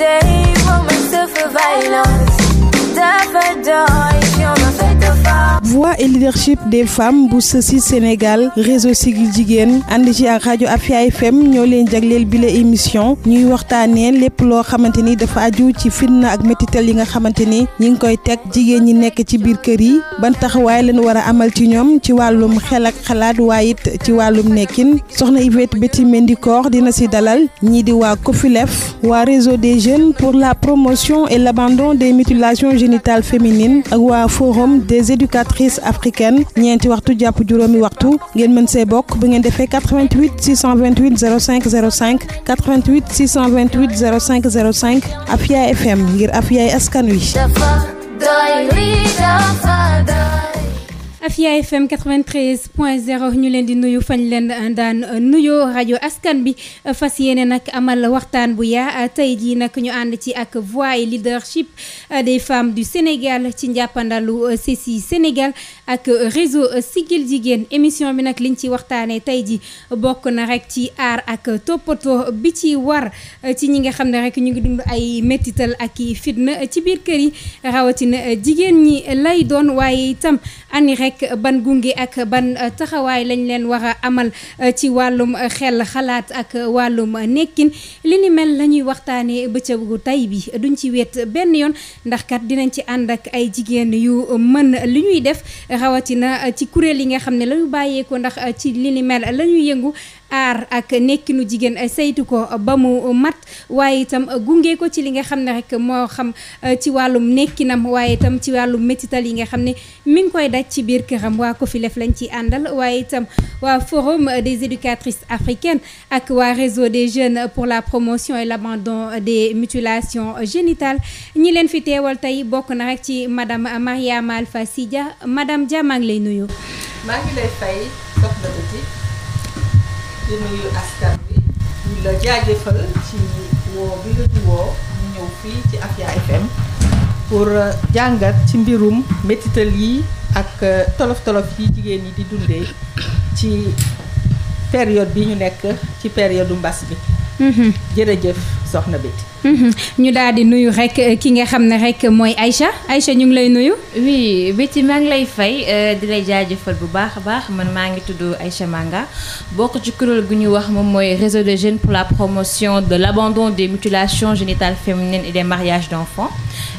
day pour me souffre violence. Daffodil, voix et leadership des femmes bu sësi Sénégal réseau sigil jigéen ànd ci ak rajo Afia FM ñoo leen jagleel bi émission ñuy waxtaanee lépp loo xamante ni dafa aju ci fitna ak métital yi nga xamante ni ñi ngi koy teg jigéen ñi nekk ci biir kër yi ban taxawaay lañ war a amal ci ñoom ci wàllum xel ak xalaat waaye ci wàllum nekkin soxna Yvette Betty Mendicor dina si dalal ñii di waa COFILEF waa réseau des jeunes pour la promotion et l'abandon des mutilations génitales féminines xiis africaine ñeenti waxtu jàpp juróomi waxtu ngeen mën see bokk bu ngeen defee 88 628 05 05 88 628 05 05 Afia FM ngir Afia askan wi. Afia FM 93 point 0 ñu leen di nuyu fañ leen daan nuyoo rajo askan bi fas yéene nag amal waxtaan bu yaa tey jii nag ñu ànd ci ak voix et leadership des femmes du Sénégal ci njàppandalu CECI Sénégal ak réseau Siggil Jigéen émission bi nag liñ ci waxtaanee tey ji bokk na rek ci aar ak toppatoo bi ci war ci ñi nga xam ne rek ñu ngi dund ay métital ak i fitna ci biir kër yi rawatina jigéen ñi lay doon waaye itam ani rek ban gunge ak ban uh, taxawaay lañ leen war a amal uh, ci wàllum uh, xel xalaat ak wàllum nekkin li ni mel la ñuy waxtaanee bëccëgu tey bi duñ ci wet benn yoon ndax kat dinañ ci ànd ak ay jigéen yu mën li ñuy def rawatina ci kuréel yi nga xam ne la ñu ndax ci li ni la ñuy yëngu. aar ak nekkinu jigéen eh, saytu ko ba mu mat waaye itam gunge ko ci li nga xam ne rek moo xam eh, ci wàllum nekkinam waaye itam ci wàllum métital yi nga xam ne mi ngi koy daj ci biir këram waa ko fi lef lañ ci àndal waaye itam waa forum des éducatrices africaines ak waa réseau des jeunes pour la promotion et l'abandon des mutilations génitales ñi leen fi teewal tey bokk na rek ci madame Mariama Alpha Sidia madame Dia maa ngi lay nuyu di nuyu askan la jaajëfal ci ñëw fii ci Afia pour euh, jàngat ci mbirum métital yi ak euh, tolof tolof yi jigéen ñi di dundee ci période bi ñu nekk ci période mbas bi Mm-hmm. jërëjëf soxna Betty. Mm-hmm. ñu daal di nuyu rek eh, ki nga xam ne rek mooy Aïcha Aïcha ñu ngi lay nuyu. wii Betty maa ngi lay fay eh, di lay jaajëfal bu baax a baax man maa ngi tudd Aïcha Manga bokk ci kuréel gu ñu wax moom mooy réseau de jeunes pour la promotion de l' abandon des mutilations génitales féminines et des mariages d'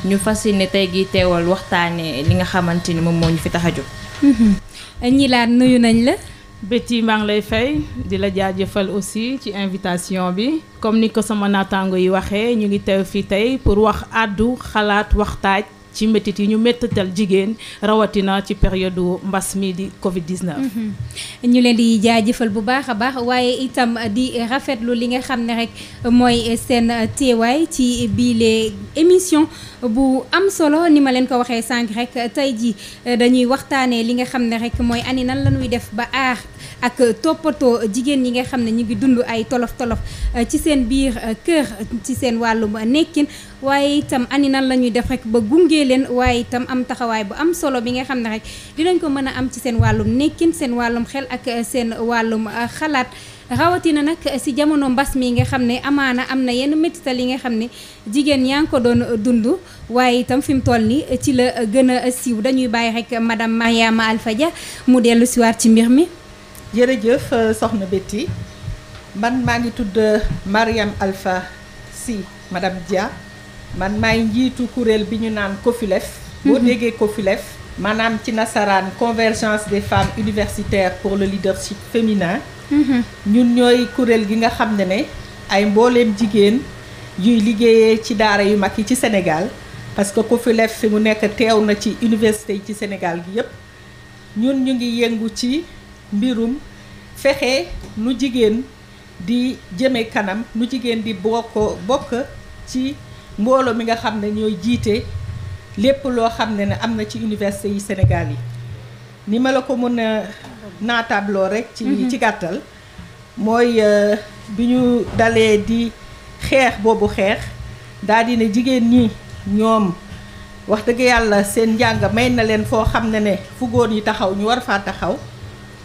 ñu fas ni tey gi teewal waxtaane li nga xamante ni moom moo ñu fi tax a jóg. Mm-hmm. ñi nuyu nañ la. Betty maa ngi lay fay di la jaajëfal aussi ci invitation bi comme ni ko sama naataango yi waxee ñu ngi teew fii tey pour wax àddu xalaat waxtaaj ci métit yi ñu méttital jigéen rawatina ci période mbas mi di Covid 19. Mm-hmm. ñu leen di jaajëfal bu baax a baax waaye itam di rafetlu li nga xam ne rek mooy seen teewaay ci biile émission. bu am solo ni ma leen ko waxee sànq rek tey ji eh, dañuy waxtaanee li nga xam ne rek mooy ani nan la ñuy def ba aar ak toppatoo jigéen ñi nga xam ne ñu ngi dund ay tolof tolof eh, ci seen biir eh, kër ci seen wàllum nekkin waaye itam ani nan la ñuy def rek ba gunge leen waaye itam am taxawaay bu am solo bi nga xam ne rek dinañ ko mën a am ci seen wàllum nekkin seen wàllum xel ak seen wàllum xalaat. rawatina nag si jamono mbas mi nga xam ne amaana am na yenn métital yi nga xam ne jigéen yaa ngi ko doon dund waaye itam fi mu toll ni ci la gën a siiw dañuy bàyyi rek madame Mariama Alpha Dia mu dellu siwaat ci mbir mi jërëjëf euh, soxna Betty man maa ngi tudd euh, Mariam Alpha Sy madame Dia man maay njiitu kuréel bi ñu naan COFULEF mhm. boo déggee COFULEF maanaam ci nasaraan convergence des femmes universitaires pour le leadership féminin Mm-hmm. ñun ñooy kuréel gi nga xam ne ne ay mbooleem jigéen yuy liggéeyee ci daara yu mag yi ci senegaal parce que ku fi fi mu nekk teew na ci université yi ci Sénégal gi yépp ñun ñu ngi yëngu ci mbirum fexe nu jigéen di jëme kanam nu jigéen di bokk bokk ci mbooloo mi nga xam ne ñooy jiite lépp loo xam ne ne am na ci université yi Sénégal yi ni ma la ko mën naataabloo naatabloo rek ci mm-hmm. ci gàttal mooy euh, bi ñu dalee di xeex boobu xeex daal di ne jigéen ñi ñoom wax dëgg yàlla seen njàng may na leen foo xam ne ne fu góor yi taxaw ñu war faa taxaw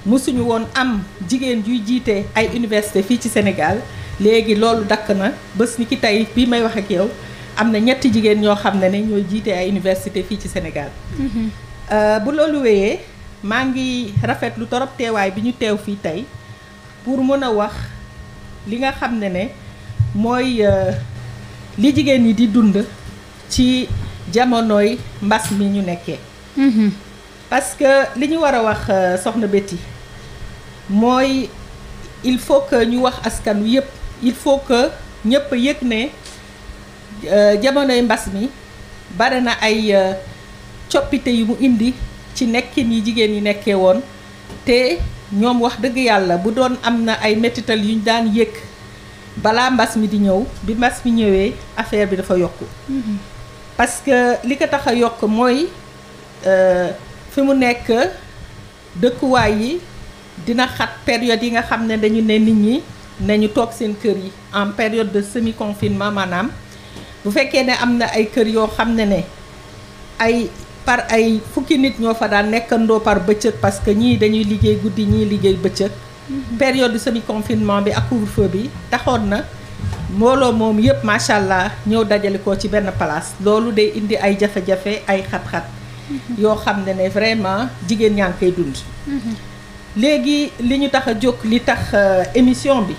mësuñu woon am jigéen juy jiite ay université fii ci Sénégal léegi loolu dakk na bés ni tey bii may wax yow am na ñetti jigéen ñoo xam ne ne ñooy ay université fii ci Sénégal mm-hmm. euh, bu loolu wéyee maa ngi rafetlu torop teewaay bi ñu teew fii tey pour mën a wax li nga xam ne ne mooy euh, li jigéen ñi di dund ci jamonoy mbas mi ñu nekkee mm-hmm. parce que li ñu war a wax euh, soxna Betty mooy il faut que ñu wax askan wi yëpp il faut que ñëpp yëg ne euh, jamonoy mbas mi bare na ay coppite yi mu indi ci nekkin yi jigéen yi nekkee woon te ñoom wax dëgg yàlla bu doon am na ay métital yu ñu daan yëg balaa mbas mi di ñëw bi mbas mi ñëwee affaire bi dafa yokk mhm. parce que li ko tax a yokk mooy euh, fi mu nekk dëkkuwaay yi dina xat période yi nga xam ne dañu ne nit ñi nañu toog seen kër yi en période de semi confinement maanaam bu fekkee ne am na ay kër yoo xam ne ne ay par ay fukki nit ñoo fa daan nekkandoo par bëccëg parce que ñii dañuy liggéey guddi ñii liggéey bëccëg mhm. période semi confinement bi ak couvre bi taxoon na mbooloo moom yëpp macha allah ñëw dajale ko ci benn place loolu day indi ay jafe-jafe ay xat-xat mhm. yoo xam ne ne vraiment jigéen ñaan ngi koy dund mhm. léegi li ñu tax a jóg li tax euh, émission bi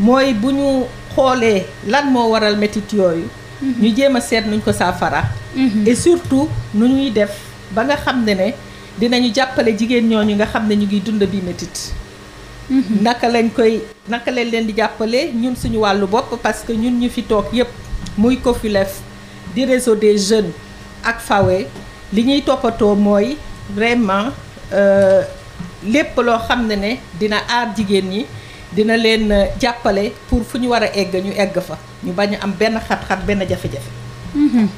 mooy bu ñu xoolee lan moo waral métit yooyu ñu jéem a seet nuñ ko saafara e surtout nu ñuy def ba nga xam ne ne dinañu jàppale jigéen ñooñu nga xam ne ñu ngi dund bi métit mhm. naka lañ koy naka lañ leen di jàppale ñun suñu wàllu bopp parce que ñun ñu fi toog yépp muy COFULEF di réseau des jeunes ak FAWE li ñuy toppatoo mooy vraiment euh, lépp loo xam ne ne dina aar jigéen ñi dina leen euh, jàppale pour fu ñu war a egg ñu egg fa ñu bañ am benn xat-xat benn jafe-jafe. Mm-hmm.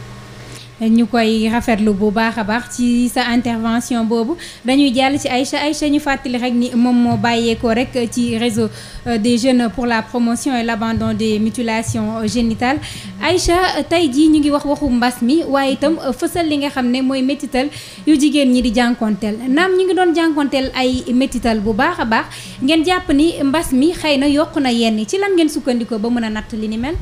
ñu koy rafetlu bu baax a baax ci sa intervention boobu dañuy jàll ci Aïcha Aïcha ñu fàttali rek ni moom moo bàyyeekoo rek ci réseau euh, des jeunes pour la promotion et l'abandon des mutilations euh, génitales Aïcha tey jii ñu ngi wax waxu mbas mi waaye itam euh, fësal li nga xam ne mooy métital yu jigéen ñi di jànkonteel naam ñu ngi doon jànkonteel ay métital bu baax a baax ngeen jàpp ni mbas mi xëy na yokk na yenn ci lan ngeen sukkandikoo ba mën a natt li ni mel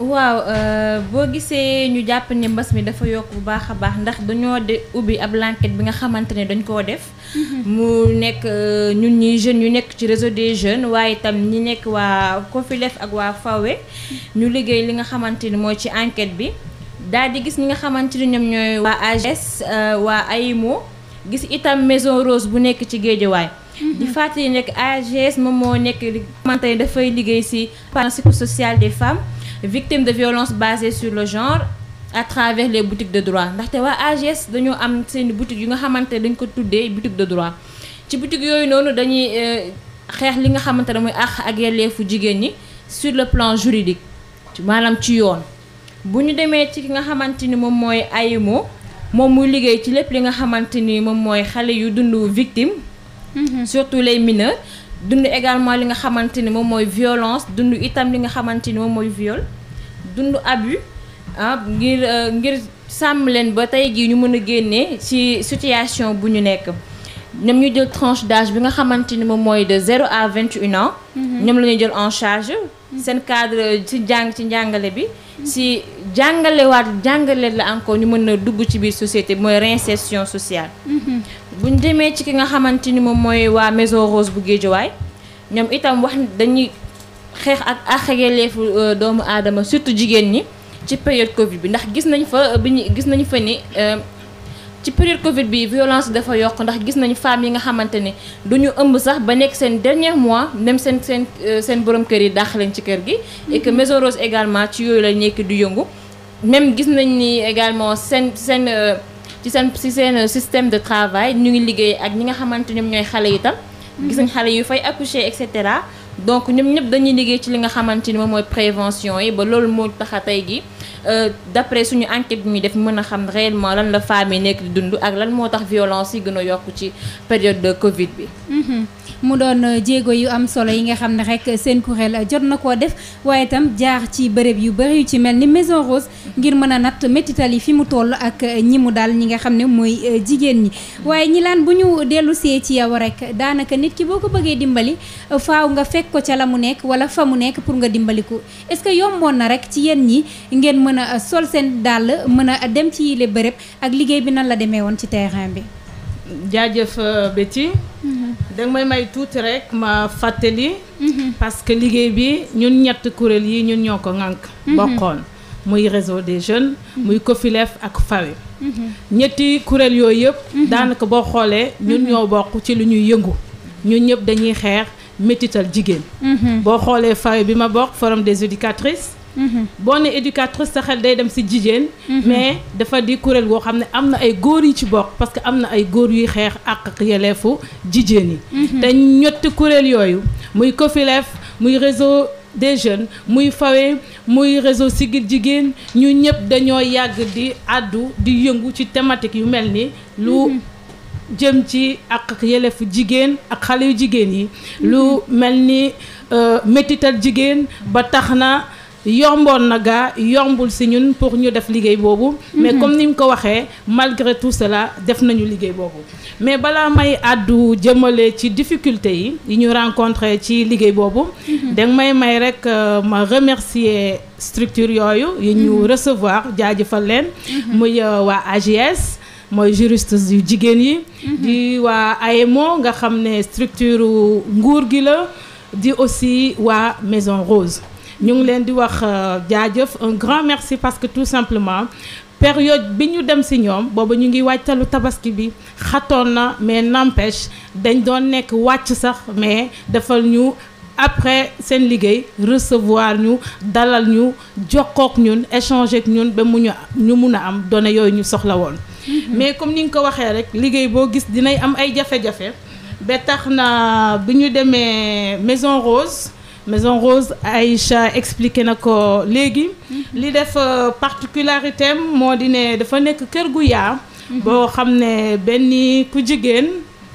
waaw euh, boo gisee ñu jàpp ne mbas mi dafa yokk bu baax a baax ndax dañoo de ubbi ab enquête bi nga xamante ne dañ koo def. Mhm. mu nekk euh, ñun ñi jeunes yu nekk ci réseau des jeunes waaye itam ñi nekk waa Kofilef ak waa Fawe ñu liggéey li nga xamante ni mooy ci enquête bi daal di gis ñi nga xamante ni ñoom ñooy waa AGS euh, waa AIMO gis itam Maison Rose bu nekk ci Géejawaay. Mhm. di fàttali nekk AGS moom moo nekk li dafay liggéey si partenariat sociale des femmes. victimes de violence basée sur le genre à travers les boutiques de droit ndaxte waa AGS dañoo am seeni boutiques yu nga xamante dañ ko tuddee boutique de droit ci boutique yooyu noonu dañuy euh, xeex li nga xamante ne muy àq ak yelleefu jigéen ñi sur le plan juridique maanaam ci yoon bu ñu demee ci ki nga xamante ni moom mooy AYMO moom muy liggéey ci lépp li nga xamante ni moom mooy xale yu dund victime mm-hmm. surtout les mineurs dund également li nga xamante ni moom mooy violence dund itam li nga xamante ni moom mooy viol dundu abus ah ngir euh, ngir sàmm leen ba tey jii ñu mën a génnee ci situation bu ñu nekk ñoom ñu jël tranche d'âge bi nga xamante ni moom mooy de zéro à vingt et un mhm. ñoom la ñuy jël en charge mhm. seen cadre ci jàng ci njàngale bi mhm. si jàngalewaat jàngale la encore ñu mën a dugg ci biir société bi mooy réinsertion sociale bu ñu demee ci ki nga xamante ni moom mooy waa maison Rose bu Guédiawaye ñoom itam wax dañuy xeex ak àq ak yelleefu euh, doomu aadama surtout jigéen ñi ci période Covid bi ndax gis nañ fa euh, bi ñu gis nañ fa ni euh, ci période Covid bi violence dafa yokk ndax gis nañu femmes yi nga xamante ne du ñu ëmb sax ba nekk seen dernier mois dem seen seen seen borom kër yi dàq leen ci kër gi. et que mm-hmm. Rose également ci yooyu la nekk du yëngu même gis nañ ni également seen seen. ci seen ci seen système de travail ñu ngi liggéey ak ñi nga xamante ñoom ñooy xale itam mhm. gis nañ xale yu fay accoucher et cetera donc ñoom ñëpp dañuy liggéey ci li nga xamante ni moom mooy prévention yi ba loolu moo tax a tey gi Euh, d'après suñu enquête bi ñuy def mën a xam réellement lan la femme yi nekk di dund ak lan moo tax violence yi gën a yokk ci période de Covid bi. Mhm. mu doon euh, jéego yu am solo yi nga xam ne rek seen la euh, jot na koo def waaye itam jaar ci bërëb yu bëri ci mel ni Maison Rose ngir mën a natt métital yi fi mu toll ak ñi mu daal ñi nga xam ne mooy jigéen ñi. waaye ñi laan bu ñu dellu see ci yow rek daanaka nit ki boo ko bëggee dimbali faaw nga fekk ko ca la mu nekk wala fa mu nekk pour nga dimbali ko est-ce mën a sol seen dàll mën a dem ci yile bërëb ak liggéey bi nan la demee woon ci terrain bi. jaajëf euh, Betty. Mhm. danga may may tuuti rek ma fàttali. Mhm. parce que liggéey bi ñun ñett kuréel yi ñun ñoo ko ŋànk. Mhm. bokkoon muy réseau des jeunes. muy Kofilef ak FAWE. ñetti kuréel yooyu yëpp. daanaka boo xoolee ñun ñoo bokk ci lu ñuy yëngu. ñun ñëpp dañuy xeex métital jigéen. boo xoolee FAWE bi ma bokk forum des éducatrices. Mm-hmm. boo ne éducatrice sa xel day dem si jigéen. Mm-hmm. mais dafa di kuréel goo xam ne am na ay góor yu ci bokk parce que am na ay góor yuy xeex ak yeleefu jigéen yi. Mm-hmm. te ñetti kuréel yooyu muy COFILEF muy réseau des jeunes muy fawe muy réseau Siggil Jigéen ñu ñëpp dañoo yàgg di àddu di yëngu ci thématique yu mel ni lu. jëm ci ak yelefu jigéen ak xale yu jigéen yi. lu mel ni euh, métital jigéen ba tax na. yomboon na yombul si ñun pour ñu def liggéey boobu. mais mhm. comme ni mu ko waxee malgré tout cela def nañu liggéey boobu. mais balaa may àddu jëmmale ci difficulté yi yi ñu rencontré ci liggéey boobu. Mhm. danga may may rek euh, ma remercier structure yooyu. yi ñu mhm. recevoir jaajëfal leen. muy euh, waa AGS. mooy juriste yu jigéen yi. di waa AEMO nga xam ne structure nguur gi la. di aussi waa Maison Rose. ñu ngi leen di wax euh, jaajëf un grand merci parce que tout simplement période bi ñu dem si ñoom booba ñu ngi wàccalu tabaski bi xatoon na mais n'empêche dañ doon nekk wàcc sax mais defal ñu après seen liggéey recevoir ñu dalal ñu jokkook ñun échanger ak ñun ba mu ñu mun a am données yooyu ñu soxla woon mm-hmm. mais comme ni nga ko waxee rek liggéey boo gis dinay am ay jafe-jafe ba tax na bi ñu demee Maison Rose maison rose Aïcha expliqué na ko léegi mhm. li def euh, particularité moo di ne dafa nekk kër gu yaa mhm. boo xam ne benn ku jigéen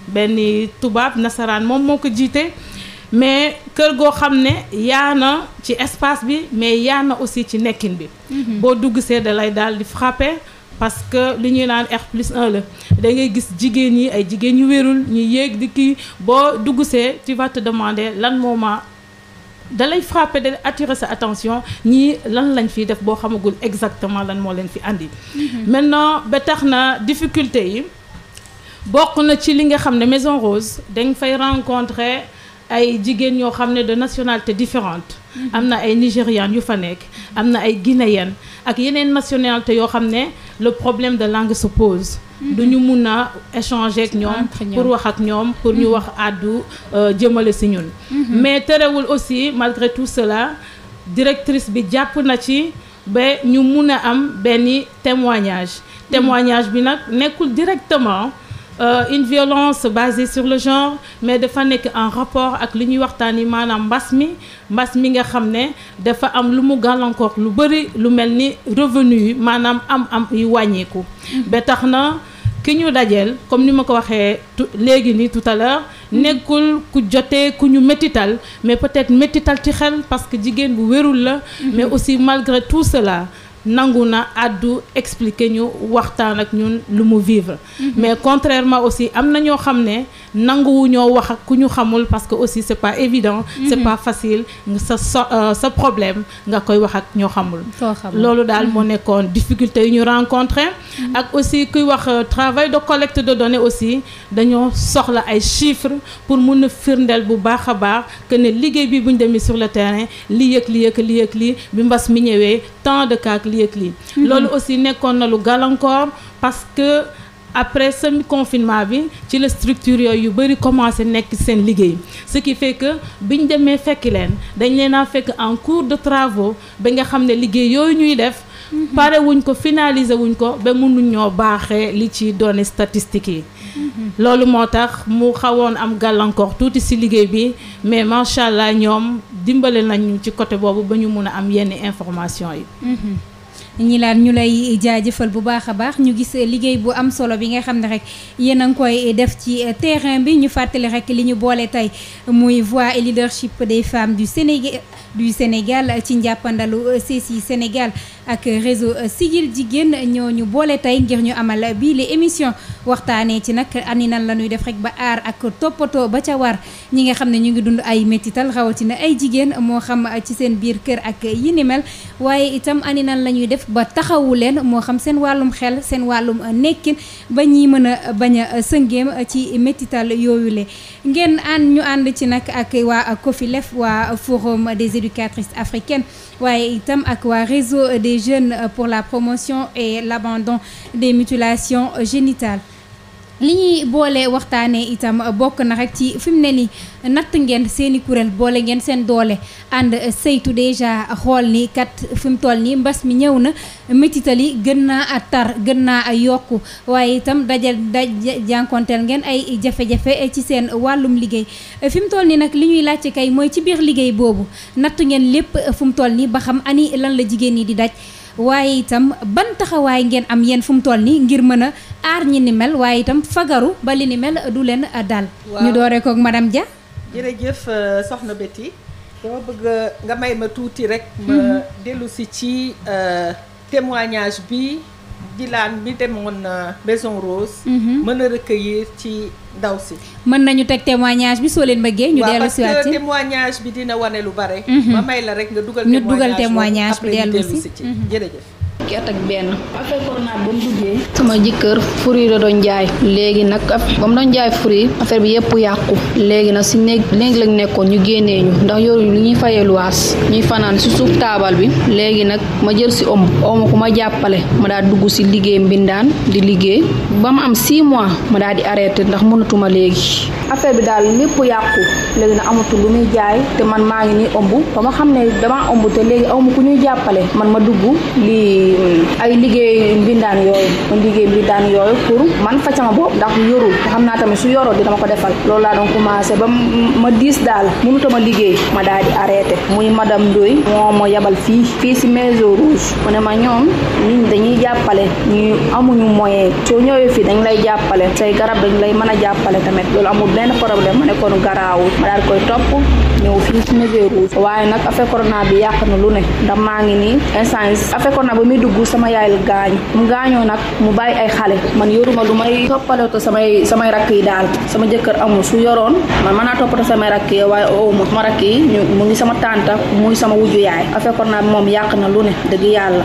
benn tubaab nasaraan moom moo ko jiite mais kër goo xam ne yaa na ci espace bi mais yaa na aussi ci nekkin bi mhm. boo dugg see da lay daal di frappé parce que li ñuy naan R plus 1 la da ngay gis jigéen ñi ay jigéen ñu wérul ñu yéeg di kii boo dugg see tu vas te lan moo ma dalay frappé da attirer sa attention ñii lan lañ fi def boo xamagul exactement lan moo leen fi andi. Mhm. maintenant ba tax na difficulté yi bokk na ci li nga xam ne Maison Rose dañ fay rencontrer ay jigéen ñoo xam ne de nationalité différente am na ay nigérian yu fa nekk am na ay guinéen ak yeneen nationalité yoo xam ne le problème de langue se pose mm-hmm. du ñu mun a échanger ak ñoom pour wax ak ñoom pour ñu mm-hmm. wax àddu euh, jëmale si ñun mm-hmm. mais terewul aussi malgré tout cela directrice bi jàpp na ci ba ñu mun a am benn témoignage témoignage bi nag nekkul directement Euh, une violence basée sur le genre mais dafa nekk en rapport ak li ñuy waxtaanee maanaam mbas mi mbas mi nga xam ne dafa am lu mu gàllankoor lu bëri lu mel ni revenu yi maanaam am am yu wàññeeku mm-hmm. ba tax na ki ñu dajeel comme ni ma ko waxee léegi nii tout mm-hmm. nekkul ku jotee ku ñu métital mais peut-être métital ci xel parce que jigéen bu wérul la mm-hmm. mais aussi malgré tout cela nangu na àddu expliquer ñu waxtaan ak ñun lu mu vivre mhm. mais contrairement aussi am na ñoo xam ne nanguwu ñoo wax ak ku ñu xamul parce que aussi c'est pas évident c'est mhm. pas facile sa euh, sa problème nga koy wax ak ñoo xamul loolu daal moo mhm. nekkoon difficulté yu ñu rencontré ak aussi kuy wax euh, travail de collecte de données aussi dañoo soxla ay chiffres pour mun a firndel bu baax a baax que ne liggéey bi bu ñu demee sur le terrain li yëg li yëg li yëg li bi mbas mi ñëwee tant de cas lii ak lii mhm. loolu aussi nekkoon na lu gàllankoor parce que après semi confinement bi ci la structure yooyu yu bëri commencé nekk seen liggéey ce qui que bi ñu demee fekk leen dañ leen a fekk en cours de travaux ba nga xam ne liggéey yooyu ñuy def mhm. parewuñ ko finaliser wuñ ko ba mënuñ ñoo baaxee li ci données statistiques yi mhm. loolu moo tax mu xawoon am gàllankoor tuuti si liggéey bi mais macha allah ñoom dimbale nañu ci côté boobu ba ñu mun a am yenn information yi ñilaan ñu lay jaajëfal bu baax a baax ñu gis liggéey bu am solo bi nga xam ne rek yéen a ngi koy def ci terrain bi ñu fàttali rek li ñu boole tey muy voix et leadership des femmes du Sénégal. du Sénégal ci njàppandalu CCI Sénégal ak réseau Siggil Jigéen ñoo ñu boole tey ngir ñu amal bii li émission waxtaanee ci nag ani nan la ñuy def rek ba aar ak toppatoo ba ca war ñi nga xam ne ñu ngi dund ay métital rawatina ay jigéen moo xam ci seen biir kër ak yi ni waaye itam ani nan la ñuy def ba taxawu leen moo xam seen wàllum xel seen wàllum nekkin ba ñi mën a bañ a sëngeem ci métital yooyu le ngeen ànd ñu ànd ci nag ak waa COFILEF waa forum des éducatrices africaines waaye itam ak waa réseau des jeunes euh, pour la promotion et l'abandon des mutilations génitales li ñuy boole waxtaanee itam bokk na rek ci fi mu ne nii natt ngeen seeni i kuréel boole ngeen seen doole ànd saytu dèjà xool ni kat fi mu toll nii mbas mi ñëw na métital yi gën naa tar gën naa yokku waaye itam dajal daj jànkonteel ngeen ay jafe-jafe ci seen wàllum liggéey fi mu toll nii nag li ñuy laajte kay mooy ci biir liggéey boobu natt ngeen lépp fu mu toll nii ba xam ani lan la jigéen ñi di daj. waaye itam ban taxawaay ngeen am yéen fu mu toll nii ngir mën a aar ñi ni mel waaye itam fagaru ba li ni mel du leen dal. ñu dooree koog madame Dia. jërëjëf euh, soxna Betty dama bëgg euh, nga may ma tuuti rek. ma mhm. dellu si ci euh, témoignage bi. Djilaan bi demoon euh, Maison Rose. Mhm. mën a recueillir ci ndaw si. mën nañu teg témoignage bi soo leen bëggee. ñu dellu si ci témoignage bi dina wane lu bare. Mhm. ma may la rek nga dugal. témoignage ñu dugal témoignage bi dellu si mhm. jërëjëf. fukki at benn affaire corona sama jikkër fruit a doon jaay léegi nag ba mu doon jaay fruit affaire bi yëpp yàqu léegi nag si néeg léegi lañ nekkoon ñu génnee ñu ndax yoruñu lu ñuy faye luwaas ñuy fanaan si suuf taabal bi léegi nag ma jël si om omo ku ma jàppale ma daa dugg si liggéey mbindaan di liggéey ba mu am 6 mois ma daa di arrêté ndax mënatuma léegi affaire bi daal lépp yàqu léegi nag amatul lu muy jaay te man maa ngi ni ëmb ba ma xam ne dama ëmb te léegi aw ma ku ñuy jàppale man ma dugg lii mm, ay liggéey mbindaan yooyu man liggéey mbindaan yooyu pour man fa sama ndax yorul xam naa tamit su yoroo dama ko defal loolu laa doon commencé ba ma diis daal mënuta a liggéey ma daal di arrêté muy madame Ndoye moo ma yabal fii fii si maison rouge mu ma ñoom ñun dañuy jàppale ñu amuñu moyen soo ñëwee fii dañ lay jàppale say garab dañ lay mën a jàppale tamit loolu amul benn problème ma ne kon garaawul daal koy topp ñëw fii ci Meseeruur waaye nag affaire corona bi yàq na lu ne ndax maa ngi nii instant affaire corona ba muy dugg sama yaay la gaañoo nag mu bàyyi ay xale man yoruma lu may toppaleto samay samay rakk yi daal sama jëkkër amul su yoroon man mën naa toppatoo samay rakk yi waaye owuma ma rakk yi ñu sama tànta muy sama wujju yaay affaire corona moom yàq na lu ne dëgg yàlla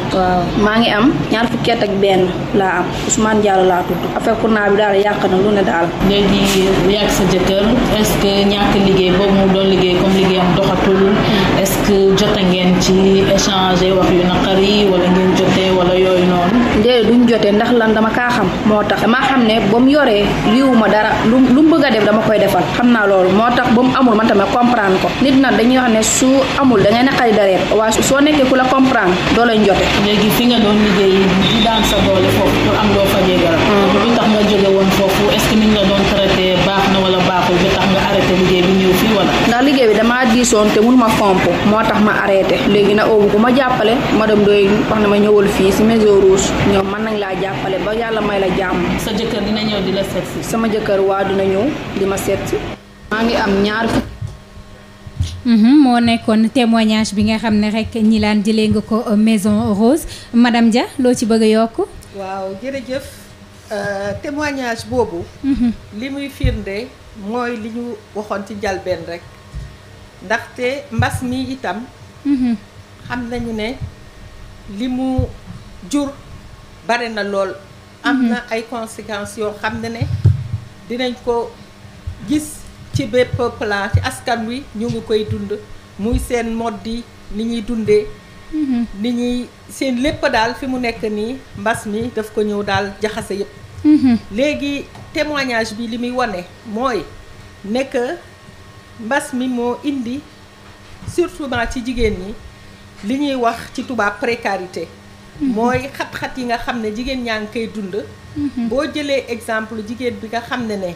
maa ngi am ñaar fukki benn laa am Ousmane Diallo laa tudd affaire corona bi daal yàq na lu ne daal léegi yàgg sa jëkkër est-ce que ñàkk liggéey boobu mu doon liggéey moom liggéeyam doxatul est-ce que jote ngeen ci échanger wax yu naqari wala ngeen jote wala yooyu noonu. déedéet duñ jote ndax lan dama kaa xam moo tax damaa xam ne ba mu yoree liiwu ma dara lu lu bëgg a dama koy defal xam naa loolu moo tax ba mu amul man tamit comprendre ko nit na dañuy wax ne su amul da ngay naqari dareet waaye soo nekkee ku la comprendre doo lañ jote. léegi fi nga doon liggéey di daan sa doole foofu pour am doo fajee garab. Mm-hmm. lu tax nga jóge woon foofu est-ce nga doon traité. baax na wala liggéey bi ñëw fii ndax liggéey bi damaa diisoon te mun ma fomp moo tax ma arrêté léegi na oobu ku ma jàppale ma dem dooy wax na ma ñëwal fii si maison rouge ñoom man nañ laa jàppale ba yàlla may la jàmm sa jëkkër dina ñëw di la seet si sama jëkkër waa dina ñëw di ma seet si maa ngi am ñaar fukki mhm, moo nekkoon témoignage bi nga xam ne rek ñi laan jëlee nga ko maison Rose madame Dia loo ci bëgg a yokk waaw Euh, témoignage boobu. Mhm. li muy firnde mooy li ñu waxoon ci jalbeen rek ndaxte mbas mi itam. Mhm. xam nañu ne li mu jur bare na lool. am mhm. na ay conséquences yoo xam ne ne dinañ ko gis ci bépp plan ci askan wi ñu ngi koy dund muy seen mode di ni ñuy dundee. Mhm. nit ñi seen lépp daal fi mu nekk nii mbas mi daf ko ñëw daal jaxase yëpp. Mhm. léegi témoignage bi li muy wane mooy nekk mbas mi moo indi surtout ci jigéen ñi li ñuy wax ci tubaab précarité. Mhm. mooy xat-xat yi nga xam ne jigéen ñaa ngi koy dund. boo jëlee exemple jigéen bi nga xam ne ne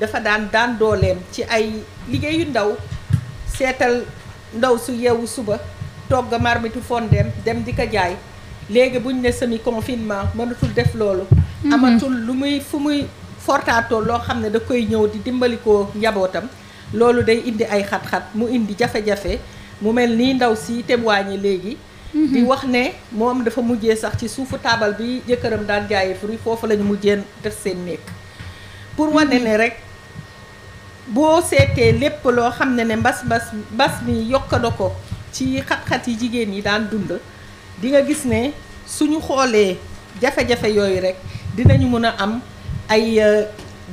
dafa daan daan dooleem ci ay liggéeyu ndaw seetal ndaw su yeewu suba. togg marmitu fondeem dem di ko jaay léegi buñ ne semi confinement mënatul def loolu mhm. amatul lu muy fu muy fortaatoo loo xam ne da koy ñëw di dimbali ko njabootam loolu day indi ay xat-xat mu indi jafe-jafe mu mel nii ndaw si témoigné léegi mhm. di wax ne moom dafa mujjee sax ci suufu taabal bi jëkkëram daan jaayee fruit foofu lañu ñu mujjee def seen nekk pour mhm. wane ne rek boo seetee lépp loo xam ne ne mbas mbas mbas mi yokk na ko ci xat-xat yi jigéen ñi daan dund di nga gis ne suñu xoolee jafe-jafe yooyu rek dinañu mën a am ay euh,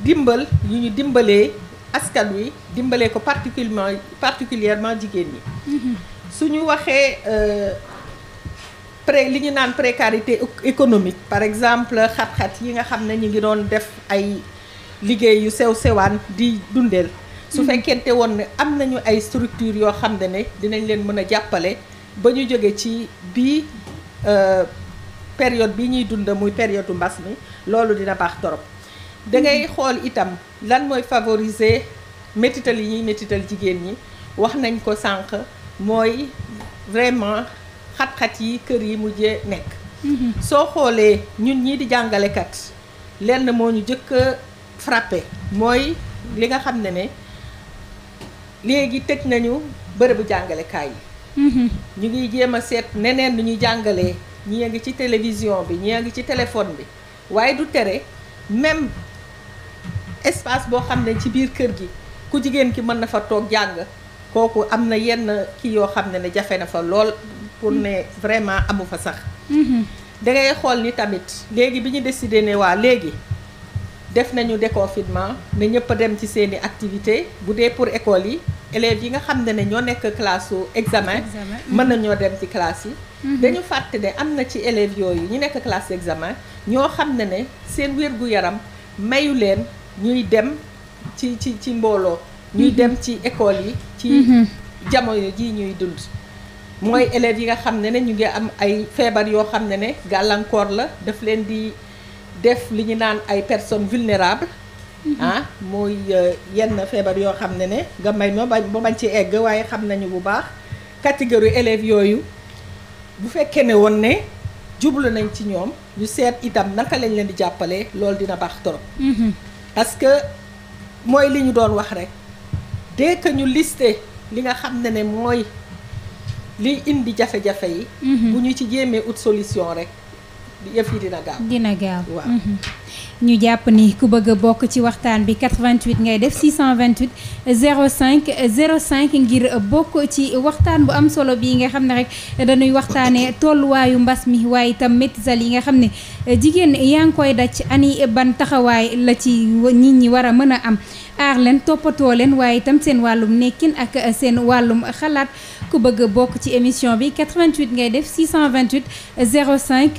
dimbal yu ñu dimbalee askan wi dimbalee ko particulièrement particulièrement jigéen ñi mm-hmm. ñu waxee euh, pré li ñu naan précarité économique par exemple xat-xat yi nga xam ne ñu ngi doon def ay liggéey yu sew sewaan di dundeel su fekkente woon ne am nañu ay structure yoo xam ne ne dinañ leen mën a jàppale ba ñu jóge ci bii euh, période bi ñuy dund muy période mbas mi loolu dina baax torop da ngay xool itam lan mooy favoriser métital yi ñuy métital jigéen ñi wax nañ ko sànq mooy vraiment xat-xat yi kër yi mujjee nekk mm-hmm. soo xoolee ñun ñii di jàngalekat lenn moo ñu jëkk a frappé mooy li nga xam ne ne léegi tëj nañu bërëbu jàngalekaay yi. Mhm. ñu ngi jéem a seet neneen lu ñuy jàngale ñii ngi ci télévision bi ñii ngi ci téléphone bi waaye du tere même espace boo xam ne ci biir kër gi ku jigéen ki mën na fa toog jàng kooku am na yenn kii yoo xam ne ne jafe na fa lool pour ne vraiment amu fa sax. Mhm. dangay xool ni tamit léegi bi ñu décidé ne waa léegi. def nañu déconfinement ne ñëpp dem ci seen i activité bu dee pour école yi élèves yi nga xam ne ne ñoo nekk classe su examen mën nañoo dem ci classe yi mhm. dañu fàtte ne am na ci élèves yooyu ñu nekk classe examen ñoo xam ne ne seen wér-gu-yaram mayu leen ñuy dem ci ci ci mbooloo ñuy mhm. dem ci école yi ci mhm. jamono ji ñuy dund mooy élèves yi nga xam ne ne ñu ngi am ay feebar yoo xam ne ne gàllankoor la daf leen di def li ñu naan ay personnes vulnérables mhm. ah, mooy euh, yenn feebar yoo xam ne ne nga may ma ba bañ ci egg waaye xam nañu bu baax catégorie élèves yooyu bu fekkee ne woon ne jublu nañ ci ñoom ñu seet itam naka lañ leen di jàppale loolu dina baax trop mhm. parce que mooy li ñu doon wax rek dès ñu liste li nga xam ne ne mooy li indi jafe-jafe yi mhm. bu ñu ci jéemee ut solution rek yëf yi dina gaaw. dina gaaw waaw. Mm-hmm. ñu jàpp ni ku bëgg bokk ci waxtaan bi 88 ngay def 628 05 05 ngir bokk ci waxtaan bu am solo bii nga xam ne rek dañuy waxtaanee tolluwaayu mbas mi waaye itam métisal yi nga xam ne jigéen yaa ngi koy daj ani ban taxawaay la ci nit ñi war a mën a am aar leen toppatoo leen waaye itam seen wàllum nekkin ak seen wàllum xalaat ku bëgg bokk ci émission bi 88 ngay def 628 05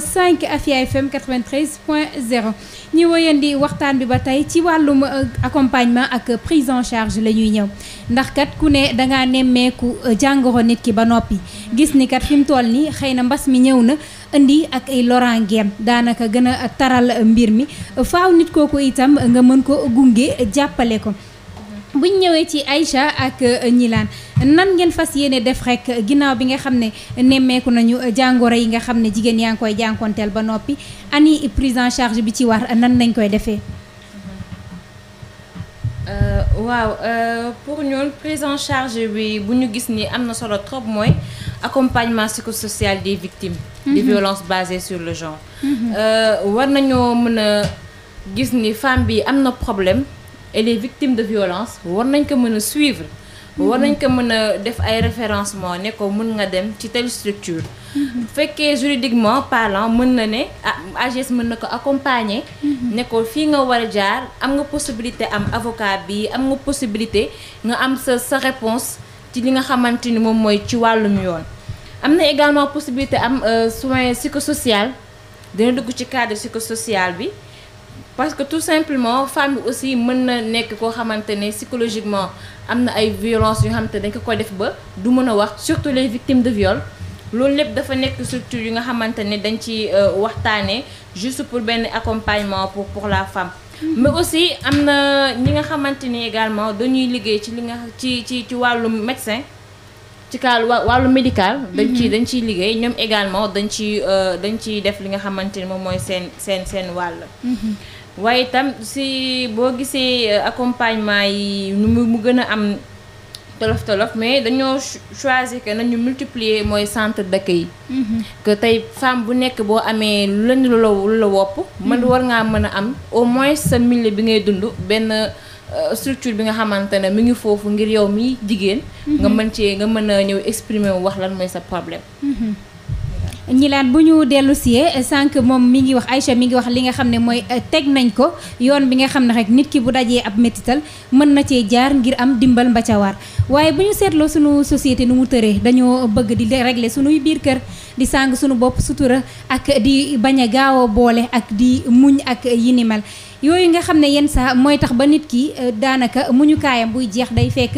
05 Afia FM 93 zéro ñi wëyandi waxtaan bi ba tey ci wàllum euh, accompagnement ak prise en charge la ñuy ñëw ndax kat ku ne dangaa nemmeeku euh, jàngoro nit ki ba noppi gis ni kat fi mu toll ni xëy na mbas mi ñëw na indi ak ay loraangeem daanaka gën a taral mbir mi faw nit kooku itam nga mën ko gunge jàppale ko bu ñu ñëwee ci Aïcha ak ñilaan euh, nan ngeen fas yéene def rek ginnaaw bi nga xam ne nemmeeku nañu jàngooro yi nga xam ne jigéen yaa ngi koy jànkonteel ba noppi ani prise en charge bi ci war nan nañ koy defee. Euh, waaw euh, pour ñun prise en charge bi bu ñu gis ni am na solo trop mooy accompagnement psychosocial des victimes. Mhm. des violences basées sur le genre. Mhm. war nañoo mën a gis ni femme bi am na problème. et les victimes de violence war nañ ko mën a suivre war nañ ko mën a def ay référencement ne ko mën nga dem ci telle structure mhm. bu fekkee juridiquement parlant mën na ne ah AGS mën na ko accompagner mhm. nekkool fii nga war a jaar am nga possibilité am avocat bi am nga possibilité nga am sa sa réponse ci li nga xamante ni moom mooy ci wàllum yoon am na également possibilité am euh, soin psychosocial dina dugg ci cadre psychosocial bi parce que tout simplement femme bi aussi mën na nekk koo xamante ne psychologiquement am na ay violence yoo xamante dañ ko koy def ba du mën a wax surtout les victimes de viol loolu lépp dafa nekk structure yi nga xamante ne dañ ci euh, waxtaanee juste pour benn accompagnement pour la femme mm-hmm. mais aussi am na ñi nga xamante ni également dañuy liggéey ci li nga ci ci ci wàllu médecin ci kaal wàllu médical mm-hmm. dañ ci dañ ciy liggéey ñoom également dañ ci euh, dañ ciy def li nga xamante ni moom mooy seen seen seen wàll mm-hmm. waaye itam si boo gisee euh, accompagnement yi nu mu gën a am tolof tolof mais dañoo choisir que nañu multiplier mooy centre dëkk yi mm-hmm. que tey femme bu nekk boo amee lu lañu lu la lu la wopp man mm-hmm. war ngaa mën a am au moins sa milieu bi ngay dund benn euh, structure bi nga xamante ne mi ngi foofu ngir yow mi jigéen mm-hmm. nga mën cee nga mën a ñëw exprimer wu wax lan mooy sa problème ñilaan bu ñu dellu siyee sànq moom mi ngi wax Aïcha mi ngi wax li nga xam ne mooy euh, teg nañ ko yoon bi nga xam ne rek nit ki bu dajee ab métital mën na cee jaar ngir am dimbal mba ca war waaye bu ñu seetloo sunu société nu mu tëree dañoo bëgg di regle sunuy biir kër di sàng sunu bopp sutura ak di bañ a gaaw a boole ak di muñ ak yi ni yooyu nga xam ne yenn saa mooy tax ba nit ki euh, daanaka muñu kaayam buy jeex day fekk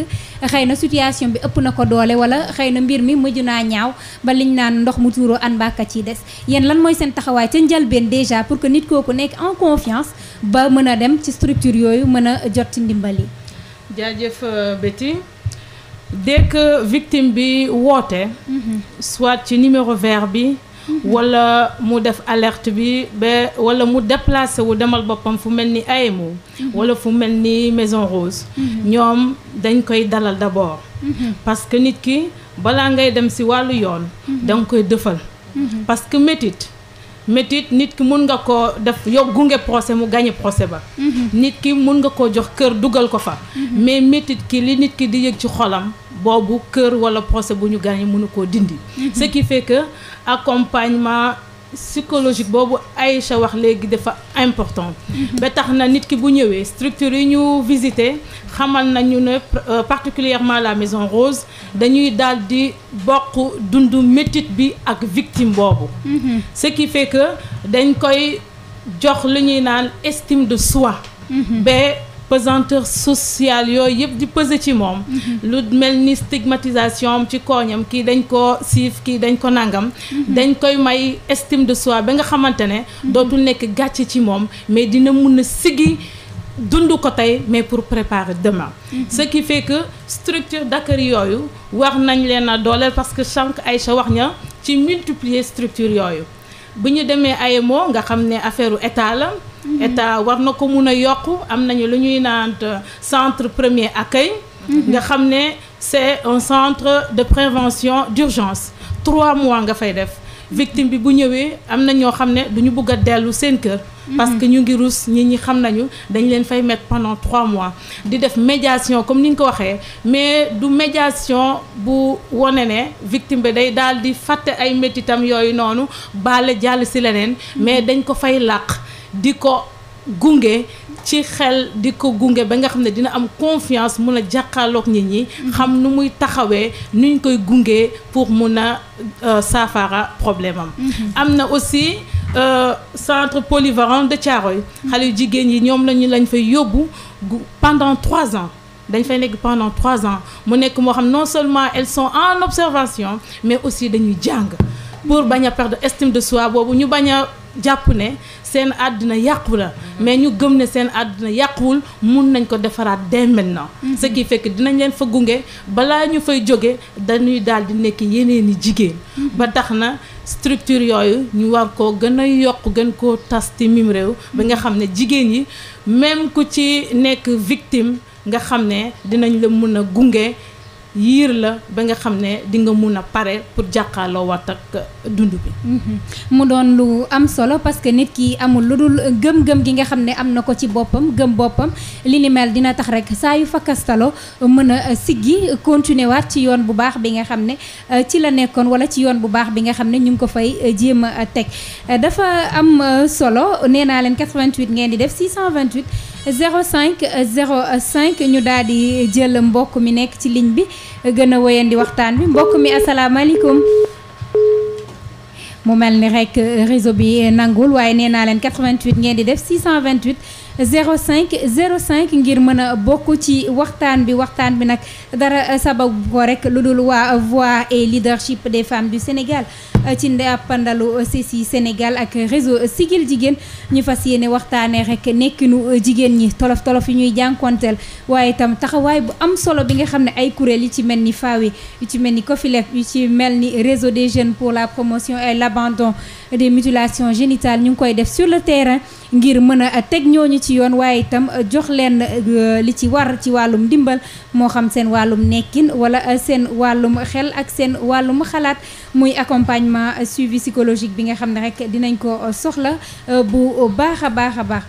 xëy na situation bi ëpp na ko doole wala xëy na mbir mi mujj naa ñaaw ba liñ naan ndox mu tuuroo an bàkka ciy des yéen lan mooy seen taxawaay ca njëlbeen déjà pour que nit koo kooku nekk en confiance ba mën a dem ci structure yooyu mën a jot ci ndimbal yi. jaajëf euh, Betty dès que bi woote. Mhm. soit ci numéro vert bi. wala mu def alerte bi ba wala mu déplacé wu demal boppam fu mel ni AMO wala fu mel ni Maison Rose ñoom dañ koy dalal d'abord parce que nit ki balaa ngay dem ci wàllu yoon danga koy dëfal parce que métit métit nit ki mun nga koo def yow gunge procès mu gagné procès ba nit ki mun nga koo jox kër dugal ko fa mais métit ki li nit ki di yëg ci xolam boobu kër wala procès bu ñu gagné mënu koo dindi. Mhm. ce qui fait que accompagnement psychologique boobu Aïcha wax léegi dafa important. Mhm. ba tax na nit ki bu ñëwee structure yi ñu visité xamal nañu ne euh, particulièrement la Maison Rose dañuy daal di bokk dund métit bi ak victime boobu. Mhm. ce qui que dañ koy jox li ñuy naan estime de soi. pesanteur sociale yooyu yëpp di peser ci moom. Mm-hmm. lu mel ni stigmatisation ci kooñam kii dañ ko siif kii dañ ko nangam. Mm-hmm. dañ koy may estime de soi ba nga xamante ne. Mm-hmm. dootul nekk gàcce ci moom mais dina mun a sigi. dund ko tey mais pour préparer demain. Mm -hmm. ce qui fait structure d'accueil yooyu wax nañ leen a dooleel parce que sànq Aïcha wax na ci multiplier structure yooyu. bu ñu demee AEMO nga xam ne affaire état la. Mhm. état war na ko mun a yokk am nañu lu ñuy naan euh, centre premier accueil. Mhm. nga xam ne c'est un centre de prévention d'urgence trois mois nga fay def. victime bi bu ñëwee am na ñoo xam ne du ñu bugg a dellu seen kër. parce que ñu ngi rus ñi ñi xam nañu dañ leen fay mettre pendant trois mois. di def médiation comme ni nga ko waxee mais du médiation bu wone ne victime bi day daal di fàtte ay métitam yooyu noonu bale jàll si leneen. mais mm-hmm. dañ ko fay làq di ko gunge. ci xel di ko gunge ba nga xam ne dina am confiance mun a jàkkaarloog nit ñi xam nu muy taxawee nuñ koy gungee pour mun a euh, saafara problème am mm-hmm. am na aussi Euh, centre polyvalent de Thiaroye xale yu jigéen yi ñoom lañu lañ fay yóbbu pendant trois ans dañ fay nekk pendant trois ans mu nekk moo xam non seulement elles sont en observation mais aussi dañuy jàng pour bañ a perdre estime de soi boobu ñu bañ a jàpp ne seen àdduna yàqu la mais ñu gëm ne seen àdduna yàquwul mun nañ ko defaraat dès maintenant mhm. ce qui fekk dinañ leen fa gunge balaa ñu fay jóge dañuy daal di nekk yeneen i jigéen mhm. ba tax na structure yooyu ñu war koo gën a yokk gën koo tas ci réew bi nga xam ne jigéen yi même ku ci nekk victime nga xam ne dinañ la mun a gunge yiir la ba nga xam ne di nga mun a pare pour jàkkaarloo waat ak euh, dund bi. Mhm. mu doon lu am solo parce que nit kii amul lu dul gëm-gëm gi nga xam ne am na ko ci boppam gëm boppam li ni dina tax rek saa yu fakastalo euh, mën a euh, siggi continuer waat ci yoon bu baax bi nga xam ne ci la nekkoon wala ci yoon bu baax bi nga xam ne ñu ngi ko fay jéem a teg dafa am solo nee naa leen 88 ngeen di def 628. 05 05 ñu daal di jël mbokk mi nekk ci ligne bi gën a wéyandi waxtaan bi mbokk mi asalaamaaleykum. mu mel ni rek réseau bi nangul waaye nee naa leen 88 ngeen di def 628. 05 05 ngir mën a bokk ci waxtaan bi waxtaan bi nag dara sabab ko rek lu dul waa voix et leadership des femmes du Sénégal ci ndappandalu CECI Sénégal ak réseau Siggil Jigéen ñu fas yéene waxtaanee rek nekkinu jigéen ñi tolof tolof yi ñuy jànkonteel waaye itam taxawaay bu am solo bi nga xam ne ay kuréel yi ci mel ni FAWE yu ci mel ni COFILEF yu ci mel ni réseau des jeunes pour la promotion et l'abandon des mutilations génitales ñu ngi koy def sur le terrain ngir mën a teg ñooñu ci yoon waaye itam jox leen euh, li ci war ci wàllum ndimbal moo xam seen wàllum nekkin wala euh, seen wàllum xel ak seen wàllum xalaat muy accompagnement suivi psychologique bi nga xam ne rek dinañ ko euh, soxla bu baax a baax a baax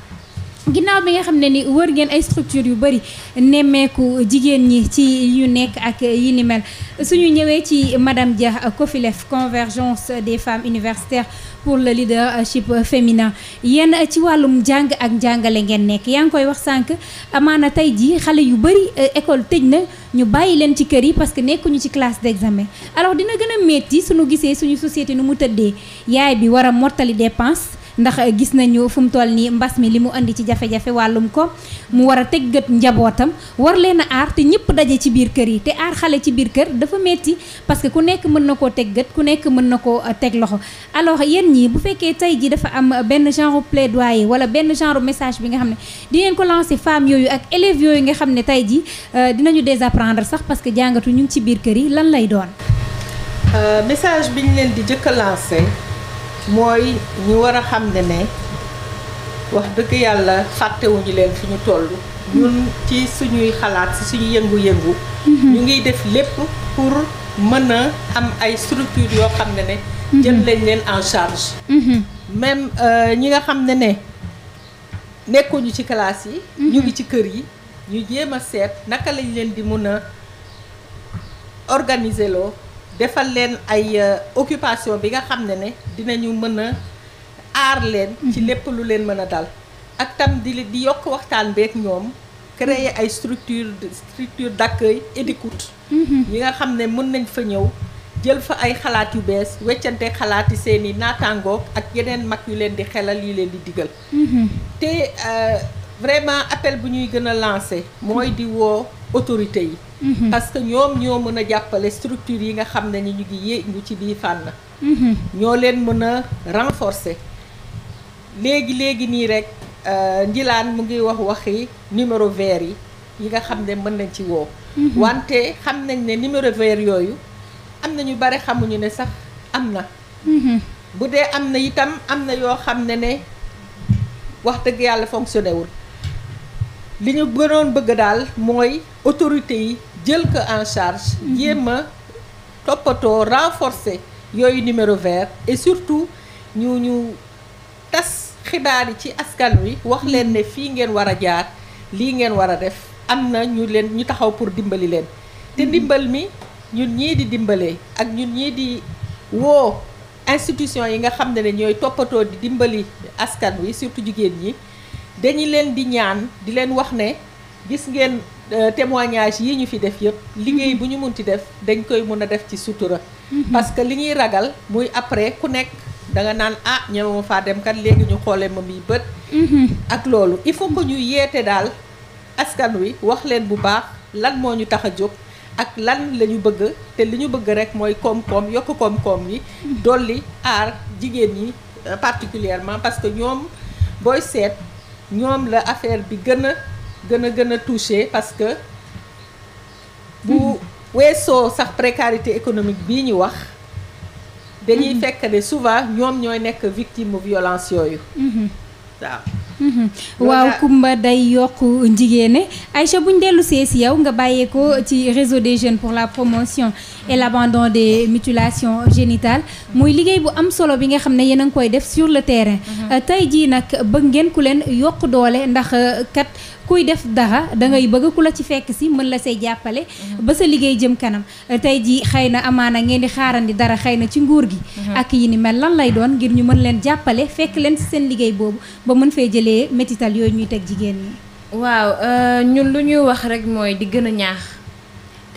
ginnaaw bi nga xam ne ni wër ngeen ay structure yu bëri nemmeeku jigéen ñi ci yu nekk ak yi ni mel suñu ñëwee ci madam Dia COFILEF convergence des femmes universitaires pour le leadership féminin yéen ci wàllum jàng ak njàngale ngeen nekk yaa ngi koy wax sànq amaana tey jii xale yu bëri eh, école tëj na ñu bàyyi leen ci kër yi parce que nekkuñu ci classe d'examen alors dina gën a métti suñu gisee suñu société nu mu tëddee yaay bi war a mottali dépense ndax eh, gis nañu fu mu toll nii mbas mi li mu indi ci jafe-jafe wàllum ko mu war a teggat njabootam war leen a aar te ñëpp daje ci biir kër yi te aar xale ci biir kër dafa metti parce que ku nekk mën na koo teg gët ku nekk mën na koo eh, teg loxo alors yéen ñii bu fekkee tey ji dafa am benn genre plaidoyer wala benn genre message bi nga xam ne di leen ko lancer femmes yooyu ak élèves yooyu nga xam ne tey ji eh, dinañu désapprendre sax parce que jàngatu ñun ci biir kër yi lan lay doon euh, message bi di jëkk a mooy ñu war a xam ne ne wax dëgg yàlla fàttewuñu leen fi ñu toll. ñun ci suñuy xalaat ci suñu yëngu-yëngu. Mhm. ñu ngi def lépp pour mën a am ay structure yoo xam ne ne. Mhm. jën lañ leen en charge. Mhm. même euh, ñi nga xam ne ne nekkuñu ci classe yi. ñu ngi ci kër yi ñu jéem a seet naka lañ leen di mun a organiser loo. defal leen ay euh, occupation bi nga xam ne ne dinañu mën a aar leen. ci mhm. lépp lu leen mën a dal. ak tam di yokk waxtaan beek ñoom yi mhm. ay structure structure d'accueil et d'écoute mhm. yi nga xam ne mën nañ fa ñëw jël fa ay xalaat yu bees weccante xalaat yi seen i naataangoog ak yeneen mag yu leen di xelal yi leen di digal. te euh, vraiment appel bu ñuy gën a lancer. mooy di woo autorités yi. Mm-hmm. parce que ñoom ñoo mën a jàppale structure yi nga xam ne ñu ngi yëngu ci biir fànn. Mm-hmm. ñoo leen mën a renforcer. léegi léegi nii rek euh, Ndilane mu ngi wax waxi numéro ver yi yi nga xam ne mën nañ ci woo. Mm-hmm. wante xam nañ ne numéro ver yooyu am na ñu bare xamuñu ne sax am na. bu dee am na itam am na yoo xam ne ne wax dëgg yàlla fonctionné wul. li ñu gënoon bëgg daal mooy autorité yi jël ko en charge mhm. jéem a toppatoo renforcer yooyu numéro vert et surtout ñu ñu tas xibaar yi ci askan wi wax mhm. leen ne fii ngeen war a jaar lii ngeen war a def am na ñu leen ñu taxaw pour dimbali leen te mhm. dimbal mi ñun ñii di dimbalee ak ñun ñii di woo institution yi nga xam ne ne ñooy toppatoo di dimbali askan wi surtout jigéen ñi dañu leen di ñaan di leen wax ne gis ngeen Euh, témoignage yi ñu fi def yëpp liggéey bu ñu mun ci def dañ koy mun a def ci sutura mhm. parce que li ñuy ragal muy après ku nekk da nga naan ah ñemewuma faa dem kat léegi ñu xoolee ma mi bët mhm. ak loolu il faut que ñu yeete daal askan wi wax leen bu baax lan moo ñu tax a jóg ak lan la ñu bëgg te li ñu bëgg rek mooy koom-koom yokk koom-koom yi mhm. dolli aar jigéen ñi euh, particulièrement parce que ñoom booy seet ñoom la affaire bi gën a gën a gën a touché parce que bu weesoo sax précarité économique bii ñu wax dañuy mm-hmm. fekk ne souvent ñoom ñooy nekk victime violence yooyu mm-hmm. waaw mm-hmm. waaw Kumba day yokk njigéene Aïcha bu ñu dellu see si yow nga bàyyee ko ci réseau des jeunes pour la promotion et l'abandon des mutilations génitales mooy liggéey bu am solo bi nga xam ne yéen a ngi koy def sur le terrain euh, tey jii nag bëgg ngeen ku leen yokk doole ndax euh, kat kuy def dara dangay ngay bëgg ku la ci fekk si mën la say jàppale mhm. ba sa liggéey jëm kanam tey ji xëy na amaana ngeen di xaarandi dara xëy na ci nguur gi mhm. ak yi ni mel lan lay doon ngir ñu mën leen jàppale fekk leen si seen liggéey boobu ba mën fee jëlee métital yooyu ñuy teg jigéen ñi waaw euh, ñun lu ñuy wax rek mooy di gën a ñaax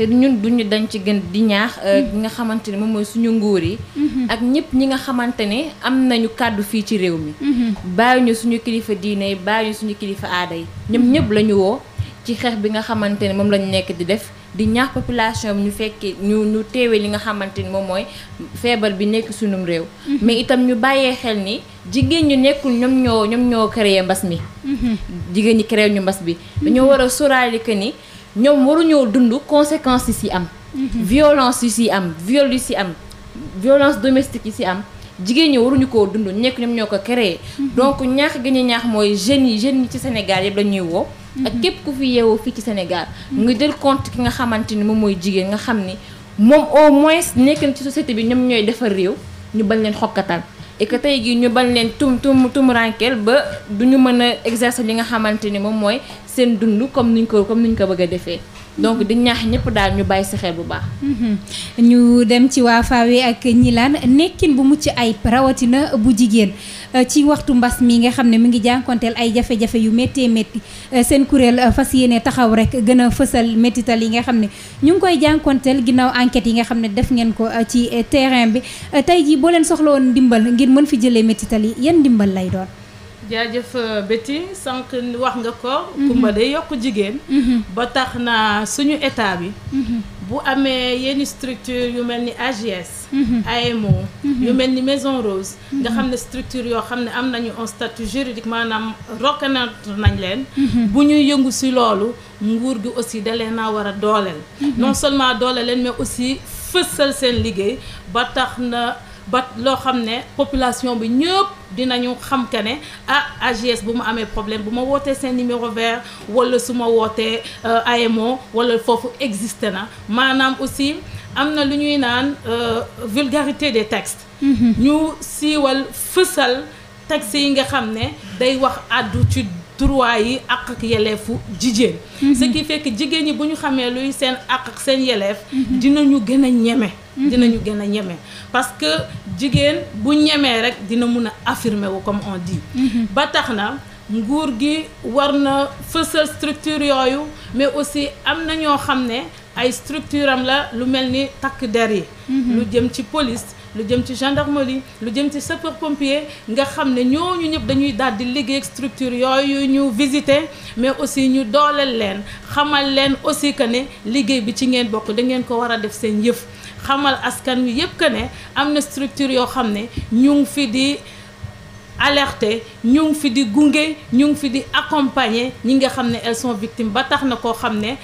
te ñun duñu dañ ci gën di ñaax ñi euh, mm-hmm. nga xamante ne moom mooy suñu nguur yi mm-hmm. ak ñëpp ñi nga xamante ne am nañu kàddu fii ci réew mi mm-hmm. bàyyi ñu suñu kilifa diine yi bàyyi ñu suñu kilifa aada yi ñoom ñëpp la ñu woo ci xeex bi nga xamante ne moom lañu nekk di def di ñaax population ñu fekkee ñu ñu teewee li nga xamante ni moom mooy feebar bi nekk sunum réew mais itam ñu bàyyee xel ni jigéen ñu nekkul ñoom ñoo ñoom ñoo créé mbas mi jigéen ñi créé ñu mbas bi dañoo war a sóoraale ni ñoom waruñoo dund conséquence yi si am. Mhm. violence yi ci am viol yi am violence domestique yi si am jigéen ñi waruñu koo dund nekk ñoom ñoo ko créé. Mhm. donc ñaax gi ni ñaax mooy jeunes yi jeunes yi ci Sénégal yëpp lañuy woo. Mhm. ak képp ku fi yeewoo fii ci Sénégal. nga jël compte ki nga xamante ni moom mooy jigéen nga xam ni moom au moins nekk na ci société bi ñoom ñooy defar réew ñu bañ leen xokkatal. et que tey jii ñu bañ leen tum tum tum rankel ba du ñu mën a exercer li nga xamante ni moom mooy seen dund comme ni ñu ko comme ni ñu ko bëgg a defee. donc di ñaax ñëpp daal ñu bàyyi si bu baax. Mhm. ñu dem ci waa Fawe ak ñilaan nekkin bu mucc ay rawatina bu jigéen euh, ci waxtu mbas mi nga xam ne mu ngi jànkonteel ay jafe-jafe yu méttee métti euh, seen kuréel euh, fas yéene taxaw rek gën a fësal méttital yi nga xam ne ñu ngi koy jànkonteel ginnaw enquête yi nga xam ne def ngeen ko ci terain bi tey jii boo leen soxla woon ndimbal ngir mën fi jëlee méttital yi yan ndimbal lay doon. jaajëf euh, Betty sànq wax nga ko. Mhm. kumba de yokk jigéen. Mhm. ba tax na suñu état bi. Mhm. bu amee yenn structure yu mel ni AGS. AMO. yu mel ni Maison Rose. nga xam ne structure yoo xam ne am nañu un statut juridique maanaam reconnaître nañ leen. bu ñuy yëngu si loolu nguur gi aussi da leen a war a dooleel. non seulement doole leen aussi fësal seen liggéey ba tax na. ba loo xam ne population bi ñëpp dinañu xam que ne ah AJS bu ma amee problème bu ma wootee seen numéro vert wala su ma wootee euh, AMO wala foofu existe na maanaam aussi am na lu ñuy naan euh, vulgarité des textes mhm. ñu siiwal fësal textes yi nga xam ne day wax àddu ci droit yi àq ak yeleefu jigéen mhm. ce qui fait jigéen ñi bu ñu xamee luy seen àq ak seen yeleef mhm. dinañu gën a ñeme mhm. dinañu gën a ñeme parce que jigéen bu ñemee rek dina mun a affirmer wu comme on dit ba tax na nguur gi war na fësal structure yooyu mais aussi am na ñoo xam ne ay structure am la lu mel ni takk der yi lu jëm ci police lu jëm ci gendarmerie lu jëm ci sapeur pompier nga xam ne ñooñu ñëpp dañuy daal di liggéey ak structure yooyu ñu visité mais aussi ñu dooleel leen xamal leen aussi que ne liggéey bi ci ngeen bokk da ngeen ko war a def seen yëf xamal askan wi yëpp que ne am na structure yoo xam ne ñu ngi fi di alerte ñu ngi fi di gunge ñu ngi fi di accompagner ñi nga xam ne elles sont ba tax na koo xam ne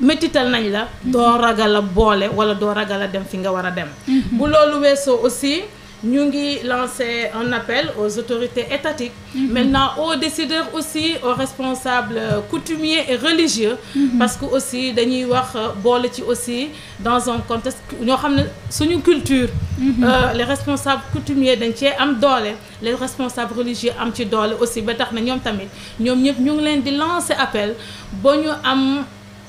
métital nañ la doo ragal a boole wala doo ragal a dem fi nga war a dem mm-hmm. bu loolu weesoo aussi ñu ngi lancé un appel aux autorités étatiques mm-hmm. maintenant aux décideurs aussi aux responsables coutumiers et religieux mm-hmm. parce que aussi dañuy wax boole ci aussi dans un contexte ñoo xam ne suñu culture mm -hmm. euh, les dañ cee am doole les responsables religieux am ci doole aussi ba tax na ñoom tamit ñoom ñëpp ñu ngi leen di lancé appel ba ñu am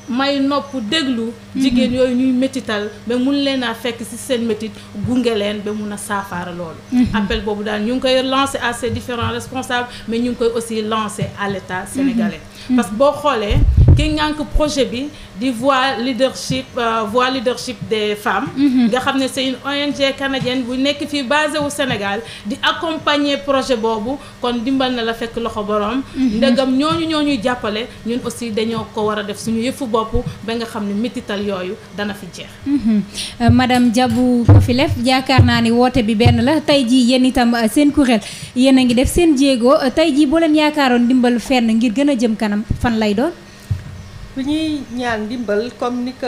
may nopp déglu jigéen yooyu ñuy métital ba mun leen a fekk ci seen métit gunge leen ba mun a saafaara loolu mhm. appel boobu daal ñu ngi koy lancé à ces différents responsables mais ñu ngi koy aussi lancé à l'état sénégalais mhm. parce boo xoolee ki ngànk projet bi di voix leadership euh, voix leadership des femmes mhm. nga xam ne c'est une ONG canadienne bu nekk fii basé wu Sénégal di accompagner projet boobu kon dimbal na la fekk loxo boroom mhm. ndegam ñooñu ñooñuy jàppale ñun aussi dañoo ko war a def suñu yëfu bopp ba nga xam ne métital yooyu dana fi jeex mhm. euh, madame Diabou Kofilef yaakaar naa ni woote bi benn la tey jii yéen itam euh, seen kuréel yéen a ngi def seen jéego tey jii boo leen yaakaaroon dimbal fenn ngir gën a jëm kanam fan lay doon lu ñuy ñaan ndimbal comme ni ko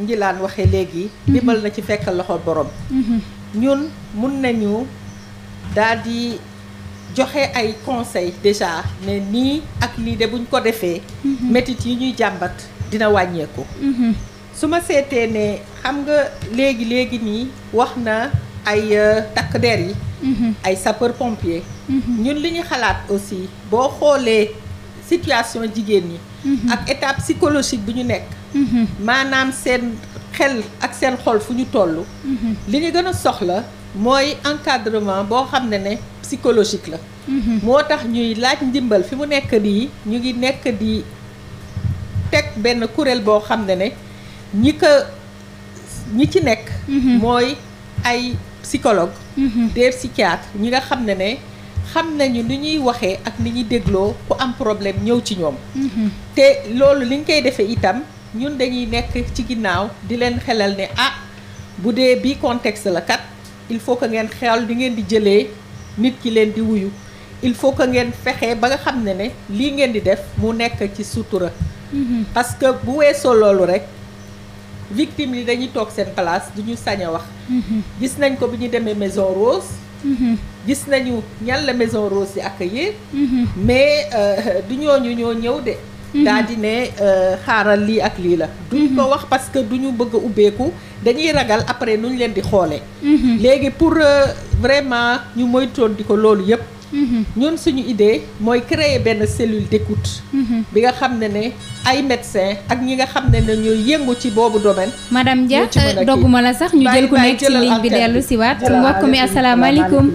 Njilaan waxee léegi. ndimbal na ci fekk loxo borom. ñun mun nañu daal di joxe ay conseil déjà ne nii ak lii de buñ ko defee. métit yi ñuy jàmbat dina wàññeeku. su ma seetee ne xam nga léegi léegi nii wax na ay euh, takk der yi. ay sapeur pompier. ñun li ñu xalaat aussi boo xoolee. situation jigéen ñi. Mm-hmm. ak état psychologique bu ñu nekk. Mm-hmm. maanaam seen xel ak seen xol fu ñu toll. Mm-hmm. li ñu gën a soxla mooy encadrement boo xam ne ne psychologique la. moo tax ñuy laaj ndimbal fi mu nekk nii ñu ngi nekk di teg benn kuréel boo xam ne ne ñi ko ñi ci nekk. mooy ay psychologue des psychiatres ñi nga xam ne ne. xam nañu ni ñuy waxee ak ni ñuy dégloo ku am problème ñëw ci ñoom mhm. te loolu li ñu koy defee itam ñun dañuy nekk ci ginnaaw di leen xelal ne ah bu dee bii contexte la kat il faut que ngeen xel di ngeen di jëlee nit ki leen di wuyu il faut que ngeen fexe ba nga xam ne ne lii ngeen di def mu nekk ci sutura mhm. parce que bu weesoo loolu rek victime yi dañuy toog seen place du ñu sañ a wax mhm. gis nañ ko bi ñu demee Maison Rose gis nañu ñan la maison Rose ak accueillir mais euh, du ñooñu ñoo ñëw de daal di ne euh, xaaral lii ak lii la duñ ko wax parce que ñu bëgg a ubbeeku dañuy ragal après nuñ leen di xoolee mhm. léegi pour euh, vraiment ñu moytoon di ko loolu yëpp Mm-hmm. ñun suñu idée mooy créer benn cellule d'écoute mm-hmm. bi nga xam ne ne ay médecin ak ñi nga xam ne ne ñooy yëngu ci boobu domaine madame Dia euh, dogguma la sax ñu jël ku nekk ci ligne bi dellu si waat mbokk mi asalaamaaleykum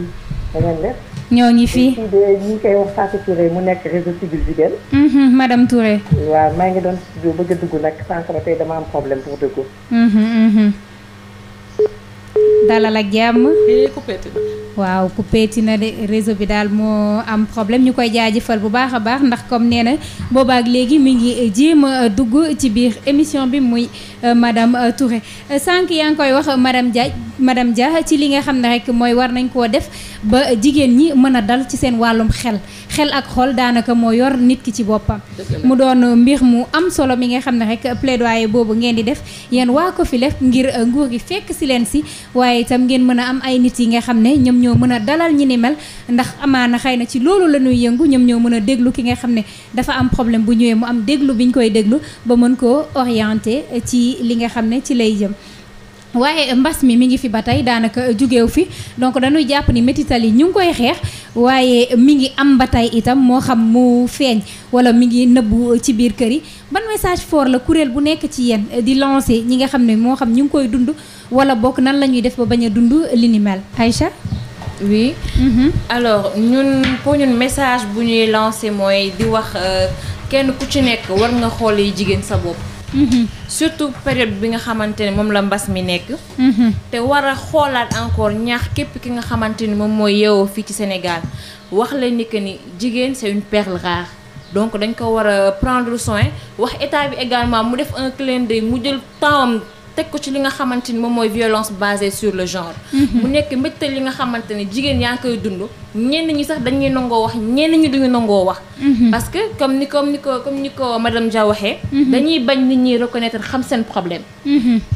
ñoo ngi fii ñu ngi koy wax Fatou Touré mu nekk réseau civil jigéen mm-hmm, madame Touré waaw maa ngi doon studio bëgg a dugg nag sànq tey dama am problème pour dugg dalal ak jàmm eh, waaw coupé ti na de réseau bi daal moo am problème ñu koy jaajëfal bu baax a baax ndax comme nee na boobaak léegi mi ngi jéem a dugg ci biir émission bi muy euh, madame euh, Touré sànq yaa ngi koy wax madame Dia madame Dia ci li nga xam ne rek mooy war nañ koo def ba jigéen ñi mën a dal ci seen wàllum xel xel ak xool daanaka moo yor nit ki ci boppam mu doon mbir mu am solo mi nga xam ne rek plaidoyer boobu ngeen di def yéen waa ko fi lef ngir euh, nguur gi fekk si leen si waaye itam ngeen mën a am ay nit yi nga xam ne ñoom ñoo mën a dalal ñi ni mel ndax amaana xëy na ci loolu la ñuy yëngu ñoom ñoo mën a déglu ki nga xam ne dafa am problème bu ñëwee mu am déglu bi ñu koy déglu ba mën koo orienté ci li nga xam ne ci lay jëm waaye mbas mi mi ngi fi ba tey daanaka jugeew fi donc dañuy jàpp ni métital yi ñu ngi koy xeex waaye mi ngi am ba tey itam moo xam mu feeñ wala mi ngi nëbbu ci biir kër yi ban message fort la kuréel bu nekk ci yéen di lancer ñi nga xam ne moo xam ñu ngi koy dund wala bokk nan la ñuy def ba bañ a dund li ni mel Aïcha oui mm ñun pour message bu ñuy lancer mooy di wax euh, kenn ku ci nekk war nga xool yi jigéen sa bopp Mm-hmm. surtout période bi nga xamante ne moom la mbas mi nekk. Mm-hmm. te war a xoolaat encore ñaax képp ki nga xamante ni moom mooy yeewoo fii ci Sénégal wax leen ni que ni jigéen c'est une perle raax donc dañ ko war a prendre soin wax état bi également mu def un clin d'œil mu jël temps teg ko ci li nga xamante ni moom mooy violence basée sur le genre. Mhm. mu nekk mbégteel li nga xamante ne jigéen yaa ngi koy dund. ñenn ñi sax dañuy nangoo wax ñenn ñi duñu nangoo wax. Mhm. parce que comme ni comme ni ko comme ni ko madame Dia waxee. Mhm. dañuy bañ nit ñi reconnaître xam seen problème.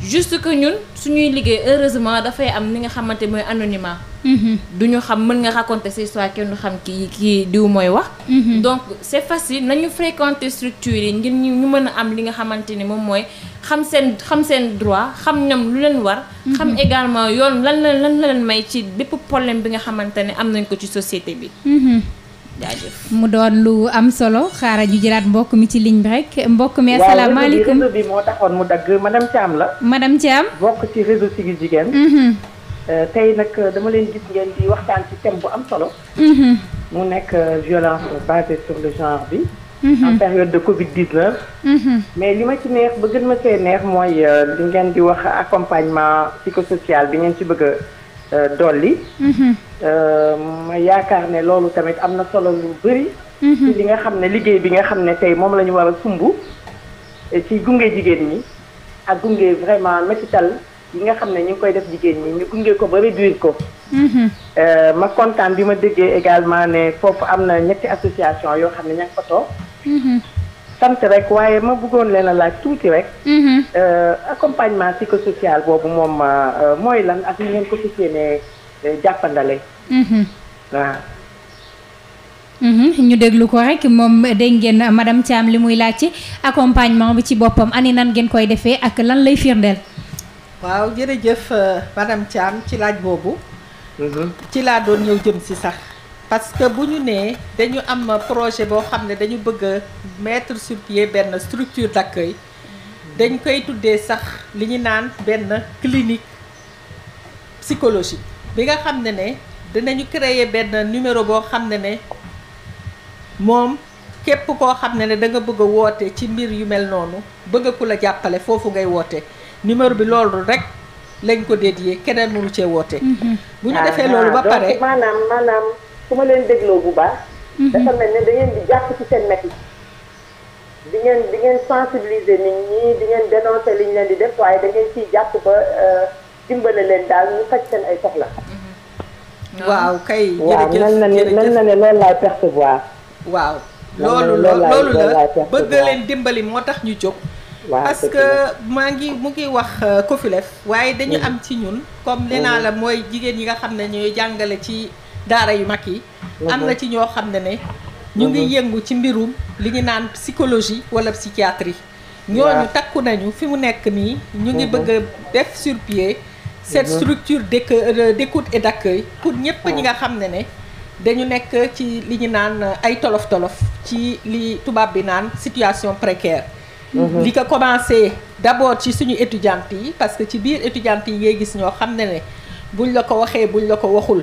juste que ñun suñuy liggéey heureusement dafay am li nga xamante mooy anonymat. Mm-hmm. du ñu xam mën nga raconter sa histoire kenn du xam ki kii diw mooy wax. Mm-hmm. donc c'est facile nañu fréquenter structures yi ngir ñu ñu mën a am li nga xamante ni moom mooy xam seen xam seen droit xam ñoom lu leen war. Mm-hmm. xam également yoon lan la lan leen may ci bépp problème bi nga xamante ne am nañ ko ci société bi. mu doon lu am solo xaaral ñu jëlaat mbokk mi ci ligne bi rek mbokk mi asalaamaaleykum waaw réseau bi moo taxoon mu dagg madame Thiam la. ma Thiam bokk ci réseau Siggil Jigéen. Euh, tey nag euh, dama leen gis ngeen di waxtaan ci thème bu am solo. Mhm. mu nekk euh, violence basée sur le genre bi. Mhm. en période de Covid 19. Mhm. mais li ma ci neex ba gën ma see neex mooy li ngeen di wax accompagnement psychosocial bi ngeen ci bëgg a dolli. ma yaakaar ne loolu tamit am na solo lu bëri. ci li nga xam ne liggéey bi nga xam ne tey moom la ñu war a sumb. ci gunge jigéen ñi ak gunge vraiment ci métital. yi nga xam ne ñu ngi koy def jigéen ñi ñu gungee ko ba réduire ko. Mm-hmm. Euh, ma kontaan bi ma déggee également ne foofu am na ñetti association yoo xam ne ña nga ko mm-hmm. rek waaye ma bëggoon leen a laaj tuuti rek. Mm-hmm. Euh, accompagnement psychosocial boobu moom euh, mooy lan ak ni ngeen ko fas yéenee jàppandale. waaw. ñu déglu ko rek moom dégg ngeen madame Thiam li muy laaj ci accompagnement bi ci boppam ani nan ngeen koy defee ak lan lay firndeel. waaw jërëjëf euh, madame Thiam ci laaj boobu. Mhm. ci laa doon ñëw jëm si sax. parce que bu ñu nee dañu am projet boo xam ne dañu bëgg a mettre benn structure d'accueil dañ koy tuddee sax li ñu naan benn clinique psychologique bi nga xam ne ne dinañu créer benn numéro boo xam ne ne moom képp koo xam ne ne da nga bëgg a woote ci mbir yu mel noonu bëgg ku la jàppale foofu ngay woote. numéro bi loolu rek lañ ko yi keneen mënu cee wootee mhm. bu ñu defee loolu ba ah, pare maanaam maanaam ku ma leen dégloo bu baax. Mhm. dafa mel ne dangeen di jàpp ci seen métti. di ngeen di ngeen sensibiliser nit ñi di ngeen dénoncer li ñu leen di def waaye da ngeen ciy jàpp ba euh, dimbale leen daal ñu faj seen ay soxla. Mhm. waaw kay. jërëjëf waaw mel na na ne loolu laay percevoir. waaw loolu loolu la bëgg leen dimbali moo tax ñu jóg. parce que maa ngi mu ngi wax euh, Kofilef waaye dañu mm-hmm. am ci ñun comme li mm-hmm. naa la mooy jigéen yi nga xam ne ñooy jàngale ci daara yu mag yi mm-hmm. am na ci ñoo xam ne ne ñu ngi yëngu ci mbirum li ñu naan psychologie wala psychiatrie ñooñu takku nañu fi mu nekk nii ñu ngi bëgg a def sur pied cette structure euh, d'écoute et d'accueil pour ñëpp ñi nga xam ne ne dañu nekk ci li ñu naan euh, ay tolof-tolof ci li tubaab bi naan situation précaire Mhm. li ko commencé d'abord ci suñu étudiante yi parce que ci biir étudiante yi ngay gis ñoo xam ne ne buñ la ko waxee buñ la ko waxul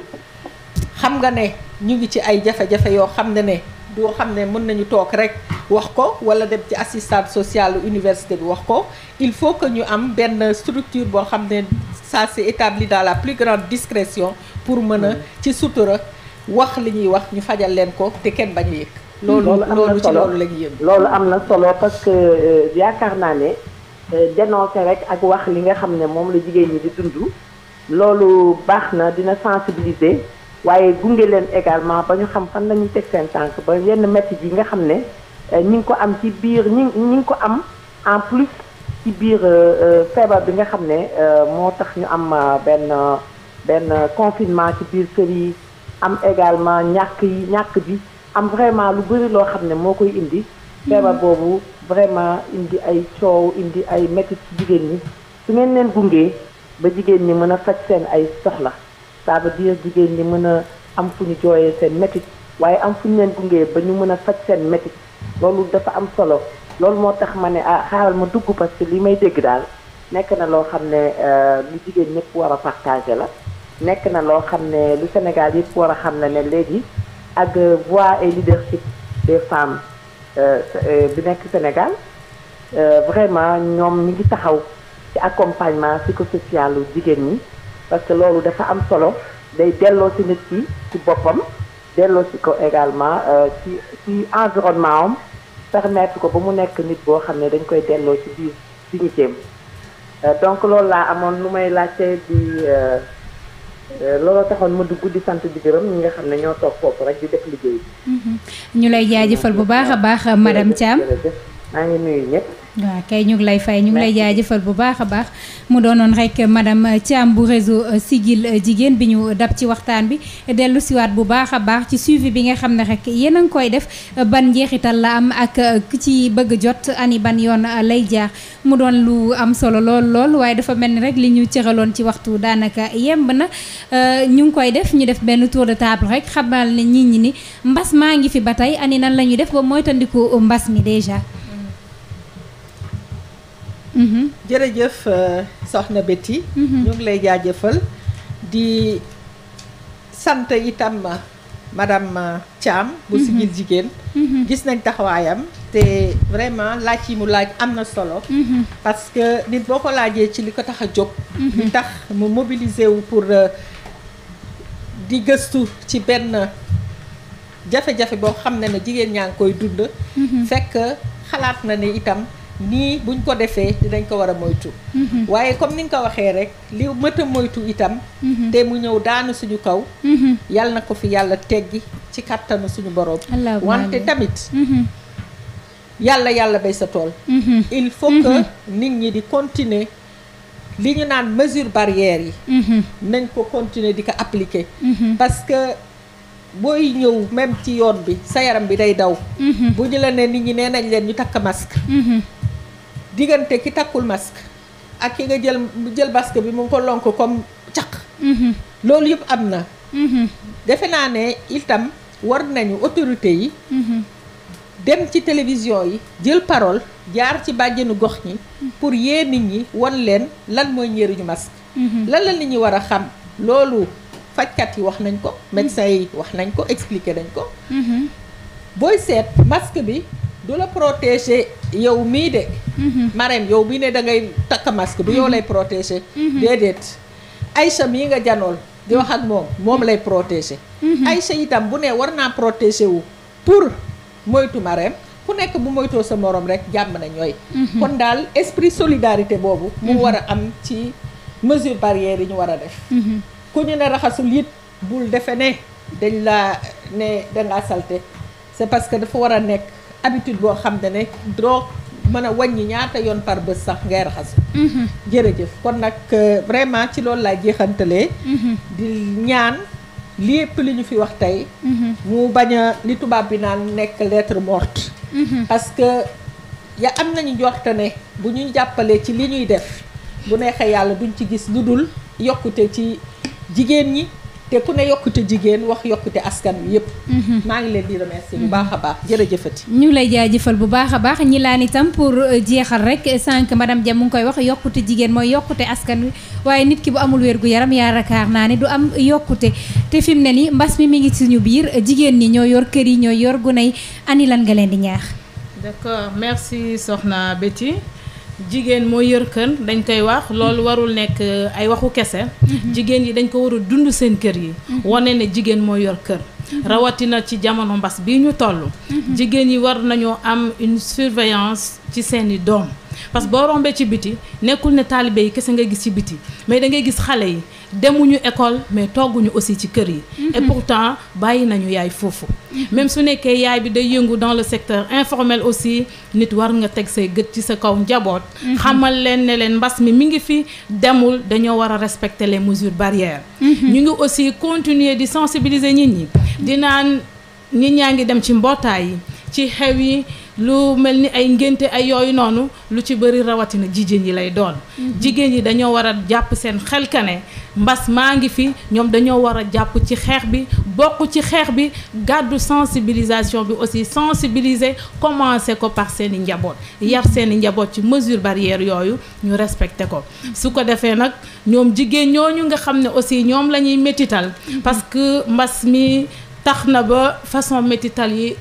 xam nga ne ñu ngi ci ay jafe-jafe yoo xam ne ne doo xam ne mën nañu toog rek wax ko wala dem ci assistante social université bi wax ko il faut que ñu am benn structure boo xam ne ça s'est établi dans la plus grande discrétion pour mën a mhm. ci sutura wax li ñuy wax ñu fajal leen ko te kenn bañu yëg loolu loolu ci loolu la ñuy loolu am na solo parce que euh, yaakaar naa ne euh, dénoncé rek ak wax li nga xam ne moom la jigéen ñi di dund loolu baax na dina sensibiliser waaye gunge leen également ba ñu xam fan la ñuy teg seen tànk ba yenn métti yi nga xam ne euh, ñi ngi ko am ci biir ñi ñi ngi ko am en plus ci biir feebar bi nga xam ne moo tax ñu am benn benn confinement ci biir kër yi am également ñàkk yi ñàkk bi am vraiment lu bëri loo xam ne moo koy indi feebar boobu vraiment indi ay coow indi ay métti ci jigéen ñi su ngeen leen gungee ba jigéen ñi mën a faj seen ay soxla ça veut dire jigéen ñi mën a am fu ñu jooyee seen métit waaye am fu ñu leen gungee ba ñu mën a faj seen métit loolu dafa am solo loolu moo tax ma ne ah xaaral ma dugg parce que li may dégg daal nekk na loo xam ne euh, lu jigéen ñëpp war a partagé la nekk na loo xam ne lu Sénégal yëpp war a xam ne ne léegi ak euh, voix et leadership des femmes euh, euh, bi nekk Sénégal vraiment ñoom ñu ngi taxaw ci accompagnement social u jigéen ñi parce que loolu dafa am solo day delloo ci nit ki ci boppam delloo ci ko également ci ci environnement am permettre ko ba mu nekk nit boo xam ne dañ koy delloo ci biir dignitéem donc loolu laa amoon lu may laajte di Euh, looloo taxoon ma dugg guddi sant di gërëm ñi nga xam ne ñoo toog foofu rek di def liggéey bi. Mhm. ñu lay jaajëfal bu baax a baax madame Thiam. maa waaw kay ñu ngi lay fay ñu ngi lay jëfal bu baax a baax mu doonoon rek madame Thiam bu réseau euh, Siggil euh, jigéen bi ñu dab ci waxtaan bi dellu siwaat bu baax a baax ci suivi bi nga xam ne rek yéen a ngi koy def euh, ban njeexital la am ak ku ci bëgg jot ani ban yoon lay jaar mu doon lu am solo lool lool waaye dafa mel ni rek li ñu cëraloon ci waxtu daanaka yemb na ñu ngi koy def ñu def benn tour de table rek xamal ne nit ñi ni mbas maa ngi fi ba tey ani nan la ñuy def ba moytandiku mbas mi déjà Mm-hmm. jërëjëf euh, soxna Betty. Mm-hmm. ñu ngi lay jaajëfal di sant itam euh, madame euh, Thiam. bu mm-hmm. Siggil Jigéen. gis nañ taxawaayam te vraiment laaj yi mu laaj am na solo. parce que nit boo ko laajee ci li ko tax a jóg. mu tax mu mobiliser wu pour di gëstu ci benn jafe-jafe boo xam ne ne jigéen ñaa ngi koy dund. fekk xalaat na ne itam. nii buñ ko defee dinañ ko war a moytu mhm. waaye comme ni nga ko waxee rek li mët a moytu itam mhm. te mu ñëw daanu suñu kaw mhm. yal na ko fi yàlla teggi ci kattanu suñu borom wante tamit yàlla yàlla bay sa tool il faut que nit ñi di continuer li ñu naan mesure barrière yi nañ ko continuer di ko appliquer parce que booy ñëw même ci yoon bi sa yaram bi day daw bu ñu la ne nit ñi nee nañ leen ñu takk masque diggante ki takkul masque ak ki nga jël jël masque bi mu ko lonk comme caq mhm. loolu yëpp am na mhm. defe naa ne itam war nañu autorité yi mhm. dem ci télévision yi jël parole jaar ci bàjjanu gox ñi pour yee nit ñi won leen lan mooy njëriñu masque lan la nit ñi war a xam loolu fajkat yi wax nañ ko médecin yi wax nañ ko expliquer nañ ko booy seet masque bi du la protéger yow mii de. Mhm. Marème yow mii ne dangay ngay takk masque du yow mhm. lay protéger. Mhm. déedéet Aïcha mii nga janool di wax ak moom moom lay protéger. Aïcha itam bu ne war naa protéger wu pour moytu Marème ku nekk bu moytoo sa morom rek jàmm na ñooy. kon daal esprit solidarité boobu. mu war a am ci mesure barrière yi ñu war a def. ku ñu ne raxasul it bul defe ne dañ laa ne dangaa salte c'est parce que dafa war a nekk. habitude boo xam ne ne doo mën a wañ ñi ñaata yoon par bés sax ngay raxasu mhm. jërëjëf kon nag euh, vraiment ci loolu laa jeexantalee mhm. di ñaan lépp li ñu fi wax tey mhm. mu bañ a li tubaab bi naan nekk lettre morte parce que ya am nañu njorte ne bu ñu jàppalee ci li ñuy def bu neexee yàlla duñ ci gis lu dul yokkute ci jigéen ñi te ku ne yokkute jigéen wax yokkute askan wi yëpp. Mhm. maa ngi leen di remercier bu baax a baax jërëjëfati. ñu lay jaajëfal bu baax a baax ñi laan itam pour euh, jeexal rek sànq madame jam mu ngi koy wax yokkute jigéen mooy yokkute askan wi waaye nit ki bu amul wér gu yaram rakaar naa ne du am yokkute te fi mu ne nii mbas mi mi ngi suñu biir jigéen ñi ñoo yor kër yi ñooy yor gunay ani lan nga leen di ñaax. d'accord merci soxna Betty. jigéen moo yor kën dañ koy wax loolu warul nekk euh, ay waxu kese mm-hmm. jigéen yi dañ ko war dund seen kër yi mm-hmm. wane ne jigéen mooy yor kër mm-hmm. rawatina ci jamono mbas bii ñu toll jigéen yi war nañoo am une surveillance ci seeni doom parce que boo rombee ci biti nekkul ne taalibe yi kese ngay gis ci biti mais da ngay gis xale yi demuñu école mais togguñu aussi ci kër yi. Mhm. et pourtant bàyyi nañu yaay foofu. Mhm. même su nekkee yaay bi day yëngu dans le secteur informel aussi nit war nga teg say gët ci sa kaw njaboot. Mhm. xamal leen ne leen mbas mi mi ngi fi demul dañoo war a respecter les mesures barrières. ñu ngi aussi continuer di sensibiliser nit ñi. dinaa naan nit ñaa ngi dem ci mbootaay yi ci xew yi. lu mel ni ay ngénte ay yooyu noonu lu ci bëri rawatina jigéen yi lay doon mhm. jigéen yi dañoo war a jàpp seen xelkane mbas maa ngi fi ñoom dañoo war a jàpp ci xeex bi bokk ci xeex bi gàddu sensibilisation bi aussi sensibiliser commencé ko par seen i njaboot yar mhm. seeni njaboot ci mesure barrière yooyu ñu respecté ko mhm. su ko defee nag ñoom jigéen ñooñu nga xam ne aussi ñoom la ñuy métital parce que mbas mi tax na ba façon métital yi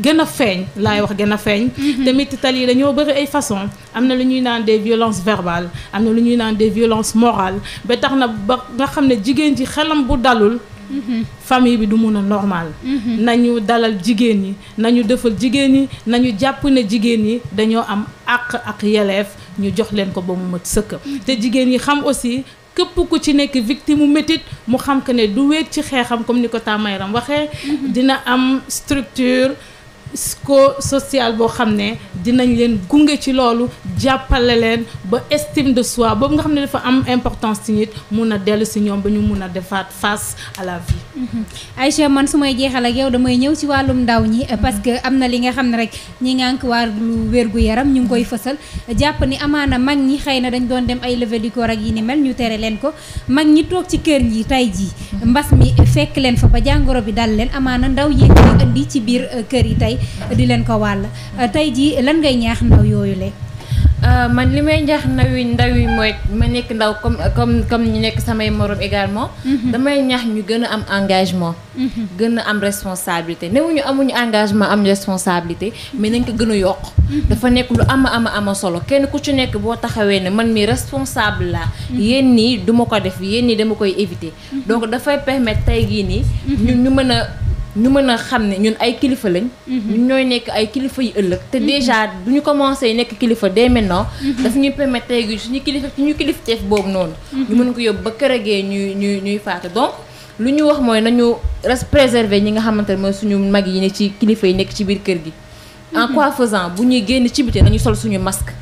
gën a feeñ laay wax gën a feeñ mhm. tamit tali yi dañoo bëri ay façon am na lu ñuy naan des violences verbales am na lu ñuy naan des violences morales ba tax na ba nga xam ne jigéen ji xelam bu dalul mhm. famille bi du mun a normal mhm. nañu dalal jigéen ñi ñu defal jigéen ñi nañu jàpp ne jigéen ñi dañoo am àq ak yeleef ñu jox leen ko ba mu mat sëkk te jigéen ñi xam aussi képp ko ci nekk victime mu métit mu xam que ne du wéet ci xeexam comme ni ko tàmmayram waxee dina am structure ko sociale boo xam ne dinañ leen gunge ci loolu jàppale leen ba estime de soi boobu nga xam ne dafa am importance ci nit mun a dellu si ñoom ba ñu mun a defaat face à la vie. Mm-hmm. Aïcha man su may jeexal ak yow damay ñëw ci wàllum ndaw ñi mm-hmm. parce que am na li nga xam ne rek ñi ngànk wàllu wérgu yaram ñu ngi koy fësal jàpp ni amaana mag ñi xëy na dañ doon dem ay levée du corps yi ni mel ñu tere leen ko mag ñi toog ci kër yi tey jii mm-hmm. mbas mi fekk leen fa jàngoro bi dal leen amaana ndaw yi indi ci biir euh, kër yi tey di leen ko wàll euh, tey jii lan ngay ñaax ndaw yooyu le euh, man li may ñaax ndaw yi ndaw yi mooy ma nekk ndaw comme comme comme ñu nekk samay morom également. Mhm. damay ñaax ñu gën a am engagement. Mhm. gën a am responsabilité newuñu amuñu engagement am responsabilité mais nañ ko gën a yokk. Mhm. dafa nekk lu ama ama ama solo kenn ku ci nekk boo taxawee ne man mi responsable la yéen nii du ko def yéen nii dama koy éviter. donc dafay permettre tey gii nii. ñu ñu mën a. ñu mën a xam ne ñun ay kilifa lañ. Mhm. ñun ñooy nekk ay kilifa yi ëllëg. te mhm. déjà du ñu commencé nekk kilifa dès maintenant. Mhm. daf ñuy permettre tey suñu kilifa suñu kilifteef boobu noonu. ñu mën ko yóbbu ba kërëgee ñuy ñuy ñuy faatu donc. lu ñu wax mooy nañu res ñi nga xamante ne mooy suñu mag yi ne ci kilifa yi nekk ci biir kër gi. en quoi faisant bu ñuy génn ci biti nañu sol suñu masque.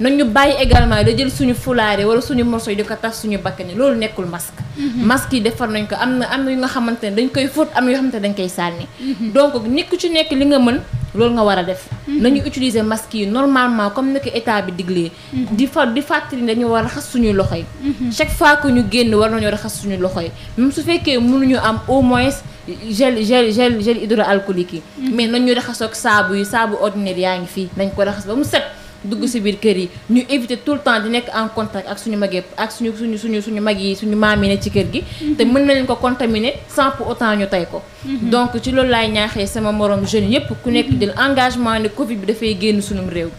nañu bàyyi également da jël suñu fulaare wala suñu morso yi di ko tax suñu bakkan loolu nekkul masque. masque yi defar nañ ko am na am na yu nga xamante ne dañ koy fóot am na yoo xamante ne dañ koy sànni. Mhm. donc nit ku ci nekk li nga mën. loolu nga war a def. nañu utiliser masques yi normalement comme ni ko bi diglee. di fa di fàttali ne dañu war a raxas suñuy loxo yi. chaque fois que ñu génn war nañoo raxas suñuy loxo yi même su fekkee mënuñu am au moins gel gel gel gel hydroalcoolique yi. mais nañu raxasoo ak saabu yi saabu ordinaire yaa ngi fii. nañ ko raxas ba mu set. dugg si biir kër yi ñu éviter tout le temps di nekk en contact ak suñu mag ak suñu suñu suñu suñu mag yi suñu maam yi ne ci kër gi mhm. te mën na ko contaminer sans pour autant ñu tey ko mhm. donc ci loolu laay ñaaxee sama morom jeunes yëpp ku nekk mhm. jël engagement ni Covid bi dafay génn suñu réew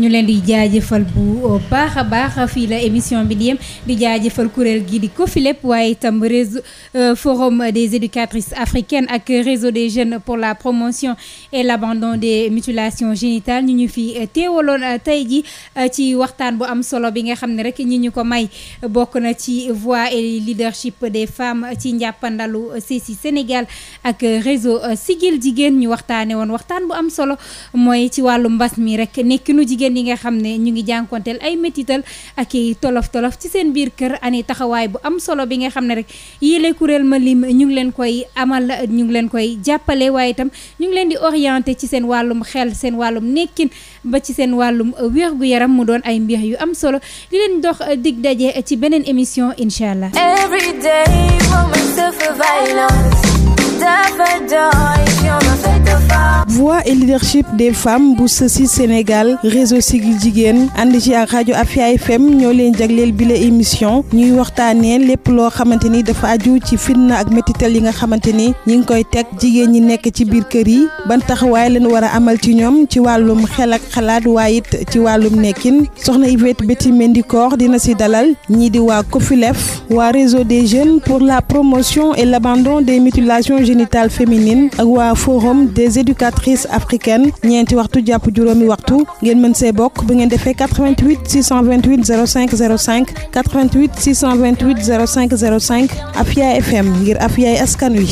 ñu leen di jëfal bu euh, baax a baax fii la émission bi di yem di jaajëfal kuréel gi di ko Cofilep waaye itam réseau euh, forum des éducatrices africaines ak réseau des jeunes pour la promotion et l'abandon des mutilations génitales ñu ñu fi euh, teewaloon tey ji ci waxtaan bu am solo bi nga xam ne rek ñi ñu ko may bokk na ci voix et leadership des femmes ci njàppandalu CECI Sénégal ak réseau Siggil Jigéen ñu waxtaane woon waxtaan bu am solo mooy ci wàllu mbas jigéen yi nga xam ne ñu ngi jànkonteel ay métital ak i tolof-tolof ci seen biir kër ani taxawaay bu am solo bi nga xam ne rek yile kuréel ma lim ñu ngi leen koy amal ñu ngi leen koy jàppale waaye itam ñu ngi leen di orienté ci seen wàllum xel seen wàllum nekkin ba ci seen wàllum wér gu yaram mu doon ay mbiix yu am solo di leen dox dig daje ci beneen émission incha allah. voix et leadership des femmes bu sësi Sénégal réseau sigil jigéen ànd ci ak rajo Afia FM ñoo leen jagleel bile émission ñuy waxtaanee lépp loo xamante ni dafa aju ci fitna ak métital yi nga xamante ni ñi ngi koy teg jigéen ñi nekk ci biir kër yi ban taxawaay leen war a amal ci ñoom ci wàllum xel ak xalaat waaye ci wàllum nekkin soxna Yvette Betty Mendicor dina si dalal ñii di waa COFILEF waa réseau des jeunes pour la promotion et l'abandon des mutilations génitales féminines éducatrices africaines ñeenti waxtu jàpp juróomi waxtu ngeen mën see bokk bu ngeen defee 88 628 05 05 88 628 05 05 Afia FM ngir Afia askan wi.